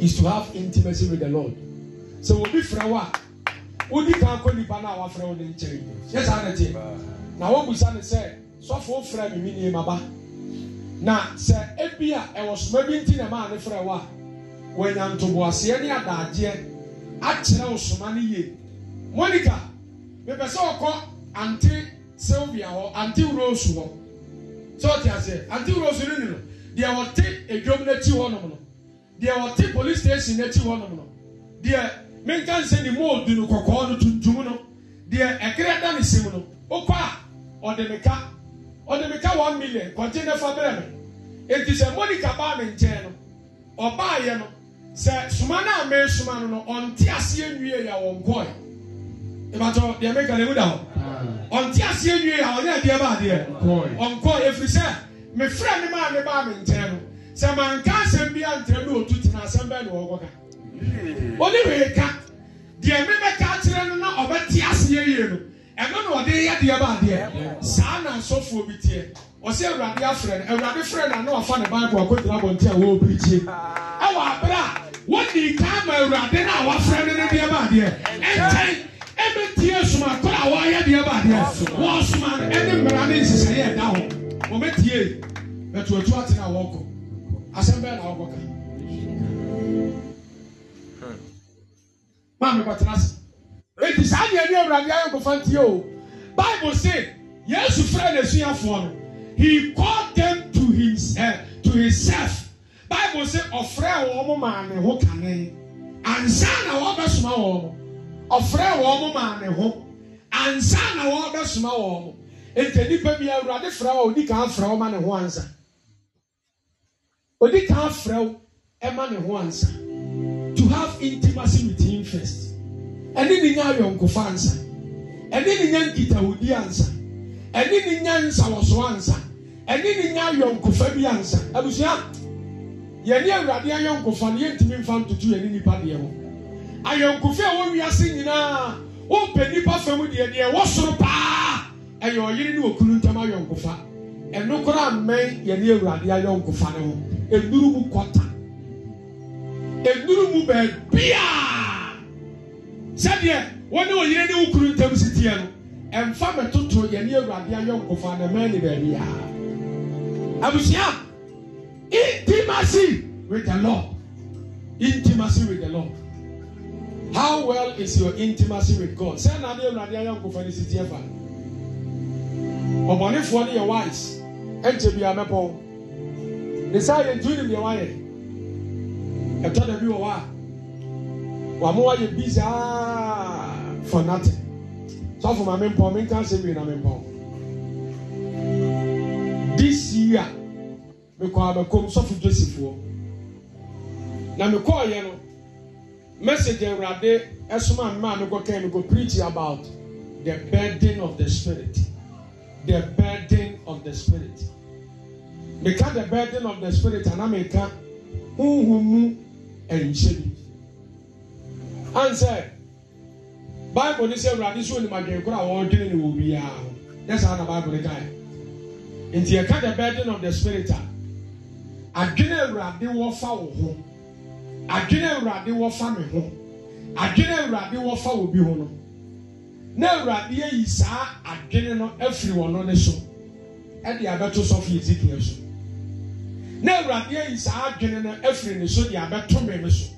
[SPEAKER 1] is to have intimacy with the Lord. Sɛ obi frɛ wo a, wodi kan kɔ nipa na wafrɛ wo ne nkyɛn. Yɛ saa na te. Na wɔbusa ne sɛ, sɔfo frɛ mi mi nie ma ba. Na sɛ ebi a ɛwɔ soma bi nti na maa ne frɛ to a, wɔanya ntoboaseɛ ne adaadeɛ akyerɛ wo soma ne yie. Monica, maybe so-called ante Sylvia or ante Rose sɛ ɔte aseɛ ante rosary ni no deɛ ɔte edwom n'akyi hɔ nom no deɛ ɔte police station n'akyi hɔ nom no deɛ menka nsɛ ne mu odu no kɔkɔɔ no tuntum no deɛ ɛkere da ne sim no okɔ a ɔde ne ka ɔde ne ka one million kɔgye ne fa brɛ me eti sɛ monica baa me nkyɛn no ɔbaayɛ no sɛ suma no a meesuma no no ɔnte aseɛ nwie yɛ wɔn kɔɛ ebatɔ deɛ meka ne mu da hɔ ɔnte aseɛ nwie a ɔnyɛ adeɛ ba adeɛ ɔnkɔ efiri sɛ mefra ne maa ne baa me nkyɛn no sɛ manka asɛm bi antɛn no otu tena asɛm bɛɛ na ɔwɔ ka ɔne wee ka deɛ me bɛka akyerɛ no na ɔbɛte aseɛ yie no ɛno na ɔde yɛ adeɛ ba adeɛ saa na asɔfoɔ bi teɛ ɔsɛ awurade afrɛ no awurade frɛ no ana ɔfa ne baabu akɔgyina abɔnten a wɔɔpirikyie ɛwɔ abere a wɔdi kaa ma awurade no a wafrɛ no ne deɛ ba adeɛ ɛnkyɛn ɛbɛtie somakɔ a wɔayɛ deɛ ba deɛ wɔsoma no ɛne mmara ne nhyehyɛeɛ ɛda hɔ wɔmɛtie ɛtuatu atena wɔkɔ asɛm bɛɛ na wɔkɔ ka maame kɔtena se eti saa deɛ ne awurade ayɛ nkɔfa ntie o bible say yesu frɛ n'asuafoɔ no he called them to his uh, to himself bible say ɔfrɛ wɔn maa ne ho kane ansa na wɔbɛsoma wɔn ɔfrɛ wɔn maa ne ho ansa na wɔbɛsoma wɔn mo nti nipa bi awurade frɛ wɔ odi kan frɛ wɔ ma ne ho ansa odi kan frɛ wɔ ma ne ho ansa to have intimacy with him first ɛne ne nya ayɔnkofa ansa ɛne ne nya nkitahudi ansa ɛne ne nya nsawɔso ansa ɛne ne nya ayɔnkofa bi ansa abusua yɛne awurade ayɔnkofa no yɛntumi nfa ntutu yɛne nipa deɛ ho ayɔnkofa a wɔn wiase nyinaa wopɛ nnipa fam deɛ deɛ ɛwɔ soro paa ɛyɛ ɔyere ne wɔkunu ntam ayɔnkofa ɛno koraa mmɛn yɛne awurade ayɔnkofa ne ho ɛnuru mu kɔta ɛnuru mu baabia sɛdeɛ wɔne ɔyere ne wo kunu ntam si teɛ no ɛmfa mɛtoto yɛne awurade ayɔnkofa ne mmɛn ne baabia abusua intimacy with the lord intimacy with the lord How well is your intimacy with God? Sɛ na de awurade ayɛ nkɔfa ne si tie fa. Ɔbɔnefoɔ no yɛ wise. Ɛnkyɛ bi amɛpɔw. Ne ni yɛ dwunim deɛ wayɛ. Ɛtɔ da bi wɔ hɔ a wɔamo wayɛ bi saa ah, for nothing. Sɔfo ma mempɔw menka asɛm wie na mempɔw. This year mekɔ abɛkɔm sɔfo Josefoɔ. Na mekɔɔ yɛ no message awurade ɛsoma mmaa no kɔkɛn no go preach about the burden of the spirit the burden of the spirit meka the burden of the spirit anamika, meka huhu mu ɛnhyɛ bi ansɛ bible ni sɛ awurade so onimadwen koro a wɔredwene no wɔ biara ho That's how na bible kae nti yɛka the burden of the spirit a adwene awurade wɔfa wo ho adwene awurade wɔfa me ho adwene awurade wɔfa obi ho no na awurade ayi saa adwene no afiri wɔn ne so ɛde abɛto sɔfo ezekiel so na awurade ayi saa adwene no afiri ne so de abɛto me me so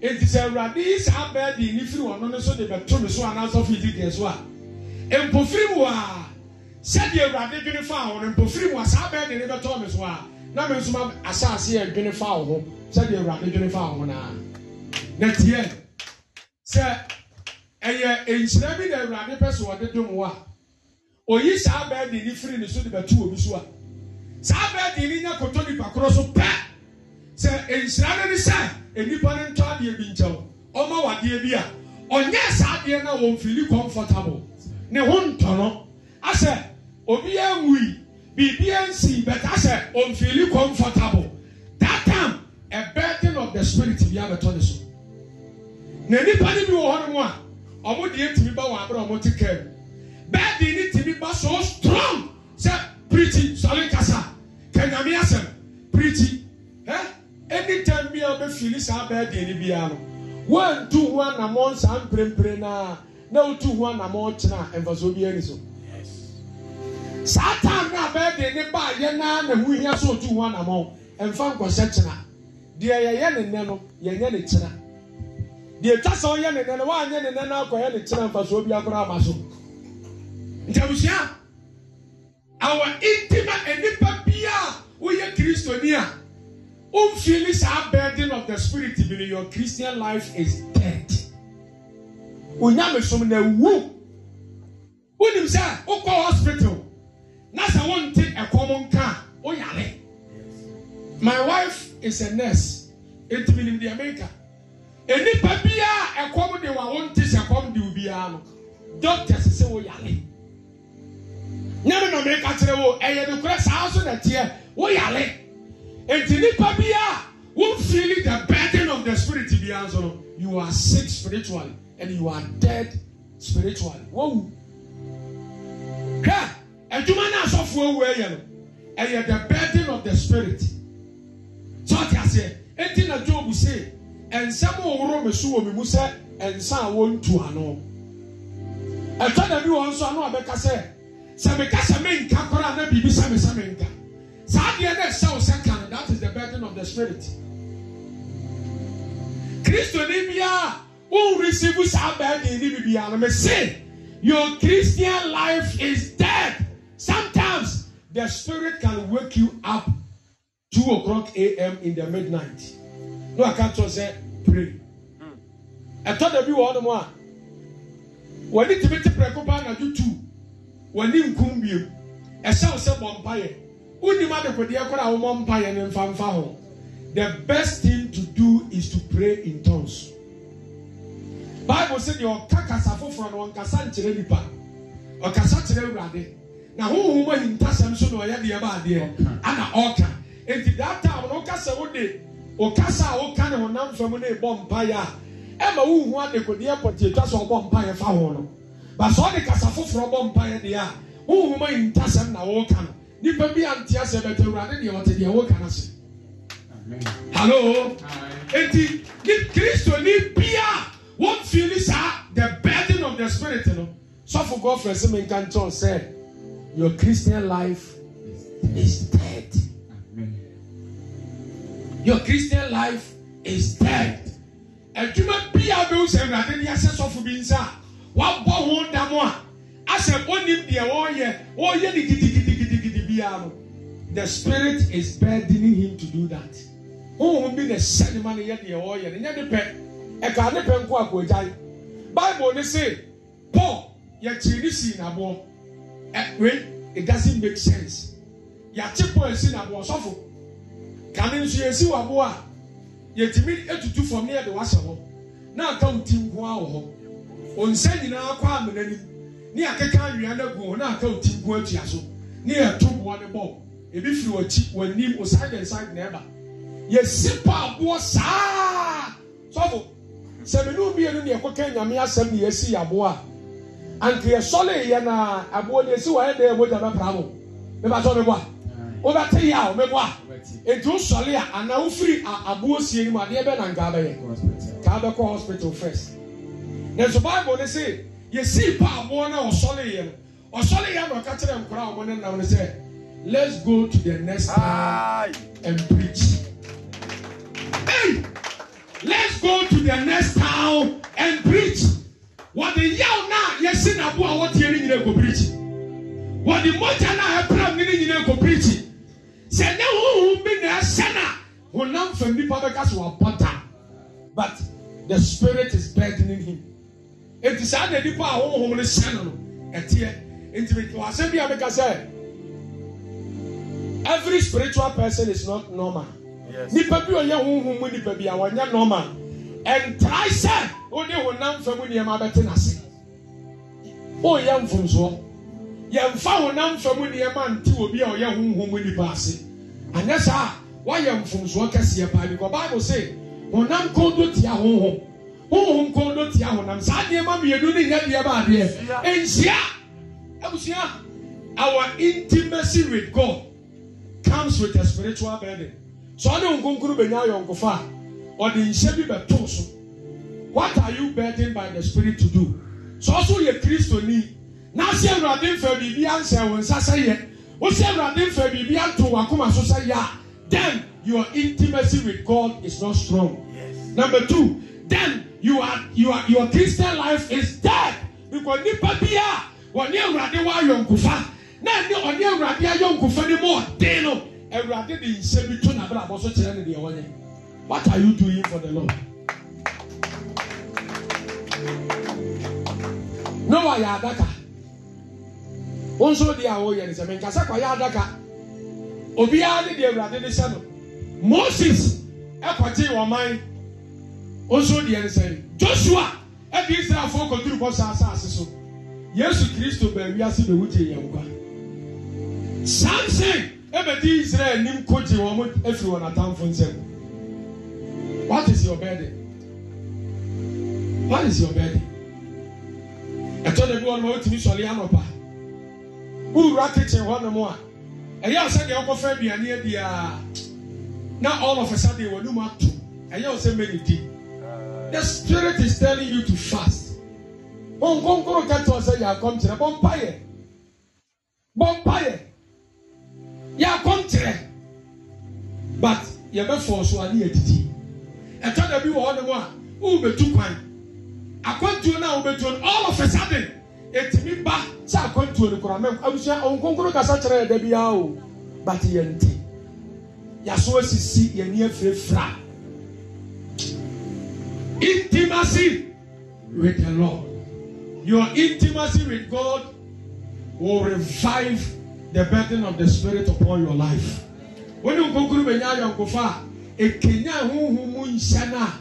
[SPEAKER 1] eti sɛ awurade yi saa bɛɛ de ne firi wɔn ne so de bɛto me so anaa sɔfo ezekiel so a mpofiri mu a sɛdeɛ awurade dwene fa wɔn mpofiri mu a saa bɛɛ de ne bɛtɔ me so a na mɛ nsoma asase yɛ dwene fa wo ho sɛdeɛ awurade dwene fa wo ho naa na tiɛ sɛ ɛyɛ nhyira bi na awurade pɛ so ɔde dom wo a oyi saa bɛɛ de ne firi ne so de bɛtu obi so a saa bɛɛ de ne nya koto nipa korɔ so pɛ sɛ nhyira no ne sɛ nipa no ntɔ adeɛ bi nkyɛw ɔma wɔ adeɛ bi a ɔnyɛ saa adeɛ no a wɔn comfortable ne ho ntɔ no obi yɛ nwui biribiara nsi bɛta sɛ ɔmfili comfortable that time a burden of the spirit bi abɛtɔ ne so na nipa ne bi wɔ hɔ nom a ɔmo deɛ tumi ba wɔn abere ɔmo te kɛɛ bɛɛdi ne tumi ba so strong sɛ pirikyi sɔre kasa kɛnyame asɛm pirikyi ɛ anytime bi a ɔbɛfili saa bɛɛdi ne bi ano wɔn ntu ho anamɔ nsa mprempren na na otu ho anamɔ kyena mfasoɔ bi ani so saa taa no a bɛɛ de ne baa yɛ naa na hu hia so otu ho anamɔ mfa nkɔhyɛ kyena deɛ yɛyɛ ne nɛ no yɛnyɛ ne kyena deɛ twa sɛ ɔyɛ ne nɛ no waanyɛ ne nɛ no akɔyɛ ne kyena mfasoɔ bi akora ama so nti abusua awɔ intima enipa eh, bia woyɛ kristoni a wofili saa burden of the spirit bi no your christian life is dead onyamesom na ewu wonim sɛ wokɔ hospital common car ó yàrá my wife is a nurse ètùmí ni di America enipa biara ẹkọm de wa wọn ti sẹ ẹkọm de obiara no doctors sẹ wọ yàrá nyɛnu na mìíràn kakyere wo ɛyɛ nìkura saa so na teɛ wo yàrá eti nipa biara wọn feel the burden of the spirit biara nso no you are sick spiritually and you are dead spiritually wɔwu hwɛ adwuma náà asɔfo ewu ɛyɛ no ɛyɛ the burden of the spirit sɔɔte aseɛ eti na job se nsɛm wɔworo me so wɔ me mu sɛ nsa a wɔntu ano ɛtɔ na bi wɔn nso ano abɛka sɛ sɛ meka sɛ menka koraa na biribi sɛ me sɛ menka saa deɛ na ɛsɛ wo sɛ kan that is the burden of the spirit kristoni biara wɔn receive saa burden ni bibiara no me se your christian life is dead Some. The spirit can wake you up two o'clock a.m. in the midnight. No, I can't just say, pray. Hmm. I ɛtɔ dabi wɔ ɔnom a wɔne tumi te prɛko paa anadwo tu wɔne nkum biem ɛhyɛ wo sɛ bɔ mpaeɛ wonim adekodeɛ kora a womɔ mpaeɛ ne mfamfa ho the best thing to do is to pray in tongues bible sɛ deɛ ɔka from foforɔ no ɔnkasa or nipa ɔkasa kyerɛ awurade na honhom ma ahintasɛm so na ɔyɛ deɛ ba adeɛ ana ɔka enti that time no woka sɛ wode wokasa a woka ne honam fam ne ɛbɔ mpaeɛ a ɛma wohu adekodeɛ pɔtee twa sɛ ɔbɔ mpaeɛ fa ho no ba sɛ ɔde kasa foforɔ bɔ mpaeɛ deɛ a honhom ma ahintasɛm na woka no nipa bi ante asɛ bɛtɛ awurade deɛ ɔte deɛ woka no se hallo enti kristoni bia wɔmfiri saa the burden of the spirit no sɔfo gɔfrɛ sɛ menka nkyɛw sɛ your Christian life is dead. Your Christian life is dead. Adwuma bi a bɛ wusa awurade ni asɛ sɔfo bi nsa a wabɔ ho dam a asɛ onim deɛ wɔyɛ wɔyɛ ne gidigidigidigidi biara no the spirit is burdening him to do that. Ohun bi na ɛhyɛ ne ma no yɛ deɛ wɔyɛ no nyɛ ne pɛ ɛka ne pɛ nko akɔ agyae Bible ne se Paul yɛ kyerɛ ne sii n'aboɔ. wei it doesn't make sense yàtí pọ̀ èsì nà bọ̀ ọ̀sọ́fò kàmi nso èsì wà bọ̀ a yẹtìmí etutu fọm ní ẹ̀dẹ̀ wàsẹ̀ họ náà tọ́m ti nko onse nyinaa kọ́ ni ní akeka awia náà gu hɔ náà tọ́m ti nko atua so ní ẹ̀tọ́ bọ̀ ne bọ̀ ebi firi wọ̀ akyi wọ̀ na ɛba a. anke yɛsɔle yɛ na aboɔ ne esi wɔyɛ dɛ ɛmo gyama pra mo mebatɔ meboa wobɛte yɛ a meboa eti wosɔle a anaa wofiri aboɔ sie mu adeɛ bɛ na nkaa bɛyɛ kaa bɛkɔ hospital first nanso bible ne se yɛsii pa aboɔ na ɔsɔle yɛ no ɔsɔle yɛ na ɔka kyerɛ nkora a wɔn ne nam ne sɛ let's go to the next town and preach hey let's go to the next town and preach wɔde yaw na yɛsi na bo a wɔteɛ ne nyina ekɔ pirikyi wɔde mogya na ɛpram ne ne nyina ekɔ sɛ ne huhu bi na ɛhyɛ na honam fam nipa bɛka so wabɔ but the spirit is burdening him eti saa na nipa a honhom ne hyɛ no no ɛteɛ nti wasɛm bi a bɛka sɛ every spiritual person is not normal nipa bi a ɔyɛ honhom mu nipa bi a wɔnyɛ normal ɛntrae sɛ wode wo nam fa mu nneɛma bɛte n'ase woyɛ mfomsoɔ yɛmfa wo nam fa mu nneɛma nte obi a ɔyɛ honhom mu nipa ase anyɛ saa woayɛ mfomsoɔ kɛseɛ paa bikɔ bible se honam kɔndo tia honhom honhom kɔndo tia honam saa nneɛma mmienu ne nyɛ deɛ baadeɛ nhyia abusua our intimacy with god comes with a spiritual burden sọ ọ dị nkunkuru benye ayọ nkufa a ɔde nhyɛ bi bɛtoo so what are you burdened by the spirit to do sọ so yɛ kristoni n'asi awurade nfɛ biribi ansɛ wɔn nsa sɛ yɛ osi awurade nfɛ biribi ato wɔn akoma so sɛ yɛ a then your intimacy with God is not strong yes. number two then you are you are your christian life is dead because nipa bi a wɔne awurade wɔ ayɔnkofa na ɛne ɔne awurade ayɔnkofa ne mu ɔden no awurade de nsɛm bi to n'abalabɔ so kyerɛ ne deɛ wɔnyɛ. What are you doing for the Lord? No, I are adaka. Also, di a wɔyɛ ne sɛ menkasa kɔ yɛ adaka. Obiara ne deɛ Awurade de hyɛ no. Moses ɛkɔgye wɔn man. Nso deɛ ne sɛ Joshua ɛde Israelfoɔ kɔduru bɔ saa asase so. Yesu Kristo baabi ase bɛwu gye yɛn kwa. Samson ɛbɛdi Israel nim kɔ gye wɔn afiri wɔn atamfo nsam. What is your burden? What is your burden? Ɛtɔ de bi wɔn ma o tumi sɔli anɔpa. Wúwúra kitchen hɔ nom a, ɛyɛ ɔsɛ deɛ ɔkɔfɛ aduane abiara. Na all of a sudden wɔn mu ato. Ɛyɛ ɔsɛ mmeri di. The spirit is telling you to fast. Nkonkoro kẹtọ ọsẹ yà kọ́ nkyerẹ, bọ́ mpa yẹ. Bọ́ mpa yẹ. Yà kọ́ nkyerẹ. But yẹ bẹ fọ ọsọ adé yẹ titi ɛtɔ da bi wɔ hɔ nom a wobɛtu kwan akwantuo no a wobɛtuo no all of a sudden ɛtumi ba sɛ akwantuo no kora abusua ɔnkonkoro kasa kyerɛ yɛ da biara o but yɛnte yɛaso asisi yɛni afirafira intimacy with the lord your intimacy with god will revive the burden of the spirit upon your life wọ́n ní nkonkuru bẹ̀ nyá ayọ̀nkofa a ɛkenya honhom mu nhyɛ na, a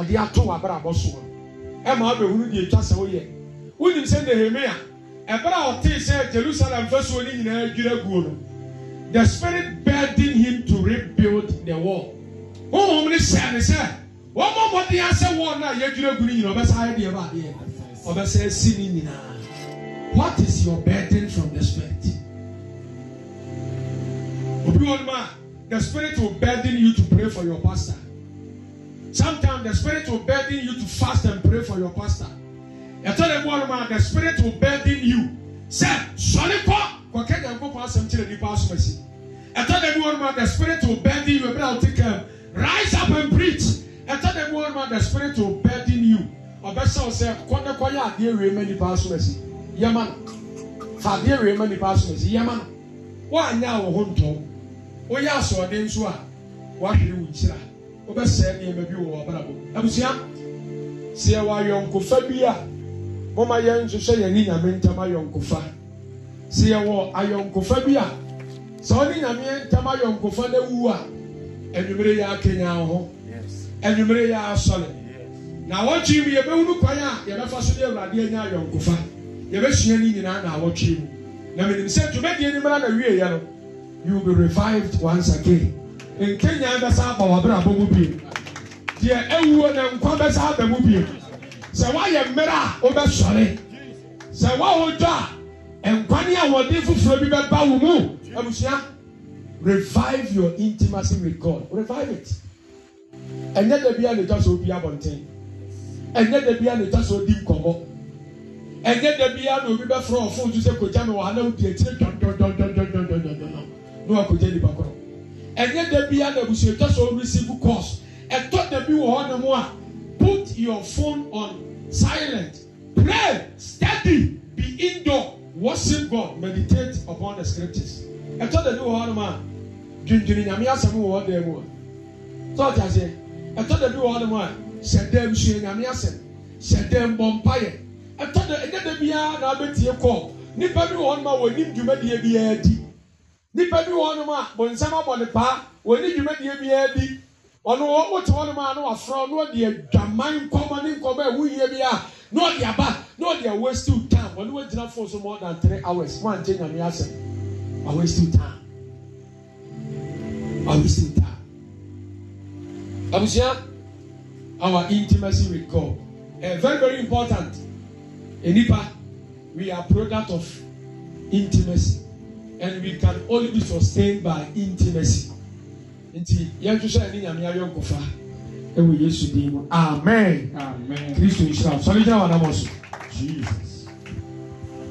[SPEAKER 1] ɔde ato w'abrabɔ so no ɛma wabɛhunu deɛ atwa sɛ woyɛ wonim sɛ nehemia ɛberɛ a ɔtee sɛ jerusalem fasuo no nyinaa dwira guo no the spirit burdened him to rebuild the wall honhom no hyɛ ne sɛ wɔmmɔ mmɔden asɛ wɔn no a yɛdwira gu no nyina ɔbɛsa ayɛ deɛ ba adeɛ ɔbɛsa asi ne nyinaa what is your burden from the spirit obi wɔ mu a the spirit will burden you to pray for your pastor. Sometimes the spirit will burden you to fast and pray for your pastor. I lè mú ọ̀rọ̀ máa the spirit will burden you. Sẹ́ sọ̀rí kọ́ kọ̀kẹ́ yẹn kó fún asẹ̀m kyerè nípa asọ̀mẹ̀sì. Yàtọ̀ lè mú ọ̀rọ̀ máa the spirit will burden you I'll take him. Rise up and preach. I lè mú ọ̀rọ̀ máa the spirit will burden you. Ọ̀bẹ sẹ́ ọ̀sẹ̀ kọ́ndẹ́kọ́ yẹ adé rèé mẹ́ nípa asọ̀mẹ̀sì. Yẹ́mánà. Fàdé rèé mẹ́ nípa asọ̀mẹ̀sì. Yẹ́mánà. Wọ́n á nyá àwọn ohun tọ́ woyɛ asoɔden nso a wahwere wo nhyira wobɛsɛe nneɛma bi wɔ w'abrabɔ abusua sɛ yɛwɔ ayɔnkofa bi a moma yɛn nso sɛ yɛne nyame ntam ayɔnkofa sɛ yɛwɔ ayɔnkofa bi a sɛ wɔne nyame ntam ayɔnkofa no awu a anwummere yɛ akenya ho anwummere yɛ asɔre na awɔtwe mu yɛbɛwu no kwan a yɛbɛfa so de awurade anya ayɔnkofa yɛbɛsua ne nyinaa na awɔtwe mu na menim sɛ dwumadie no mmara na wieɛ no you will be revived once again nkenya bɛsa aba wabere abɔ mu bie deɛ ewuo na nkwa bɛsa aba mu bie sɛ wayɛ mmerɛ sorry. wobɛsɔre sɛ wawo dɔ and nkwane a wɔde foforɔ bi bɛba wo mu abusua revive your intimacy with God revive it ɛnyɛ dabi a ne tɔ so obi abɔnten ɛnyɛ dabi a ne tɔ so odi nkɔmɔ ɛnyɛ dabi a na obi bɛfrɛ ɔfo nso sɛ kogya mi wɔ ha na odi akyire dɔndɔndɔn na wakɔgya nipa korɔ ɛnyɛ da bi a na abusua tɔ so receive calls ɛtɔ da bi wɔ hɔ ne ho a put your phone on silent pray steady be indoor worship God meditate upon the scriptures ɛtɔ da wɔ hɔ ne ho a dundun nyame asɛm wɔ hɔ dan mu a tɔ ɔte aseɛ ɛtɔ da wɔ hɔ ne ho a hyɛ dan abusua nyame asɛm hyɛ dan bɔ mpaeɛ ɛtɔ da ɛnyɛ da a na abɛtie call nipa bi wɔ hɔ ne ho a wɔnim dwumadie biara di nipa bi wɔ hɔnom a bonsam abɔ ne paa wɔne dwumadie biara bi ɔno wote hɔnom a na wasorɔ na ɔde adwaman nkɔmɔ ne nkɔmɔ a ɛho yie bi a na ɔde aba na ɔde a wasted time ɔne wagyina fo so more than three hours wante nyame asɛm a wasted time a wasted time abusua our intimacy with God eh very very important enipa we are product of intimacy and we can only be sustained by intimacy nti yɛntwehwɛ ne nyame ayɔ nkɔfa ɛwɔ yesu din mu amen kristo nhyira wo sɔre gyina w'anammɔ so jesus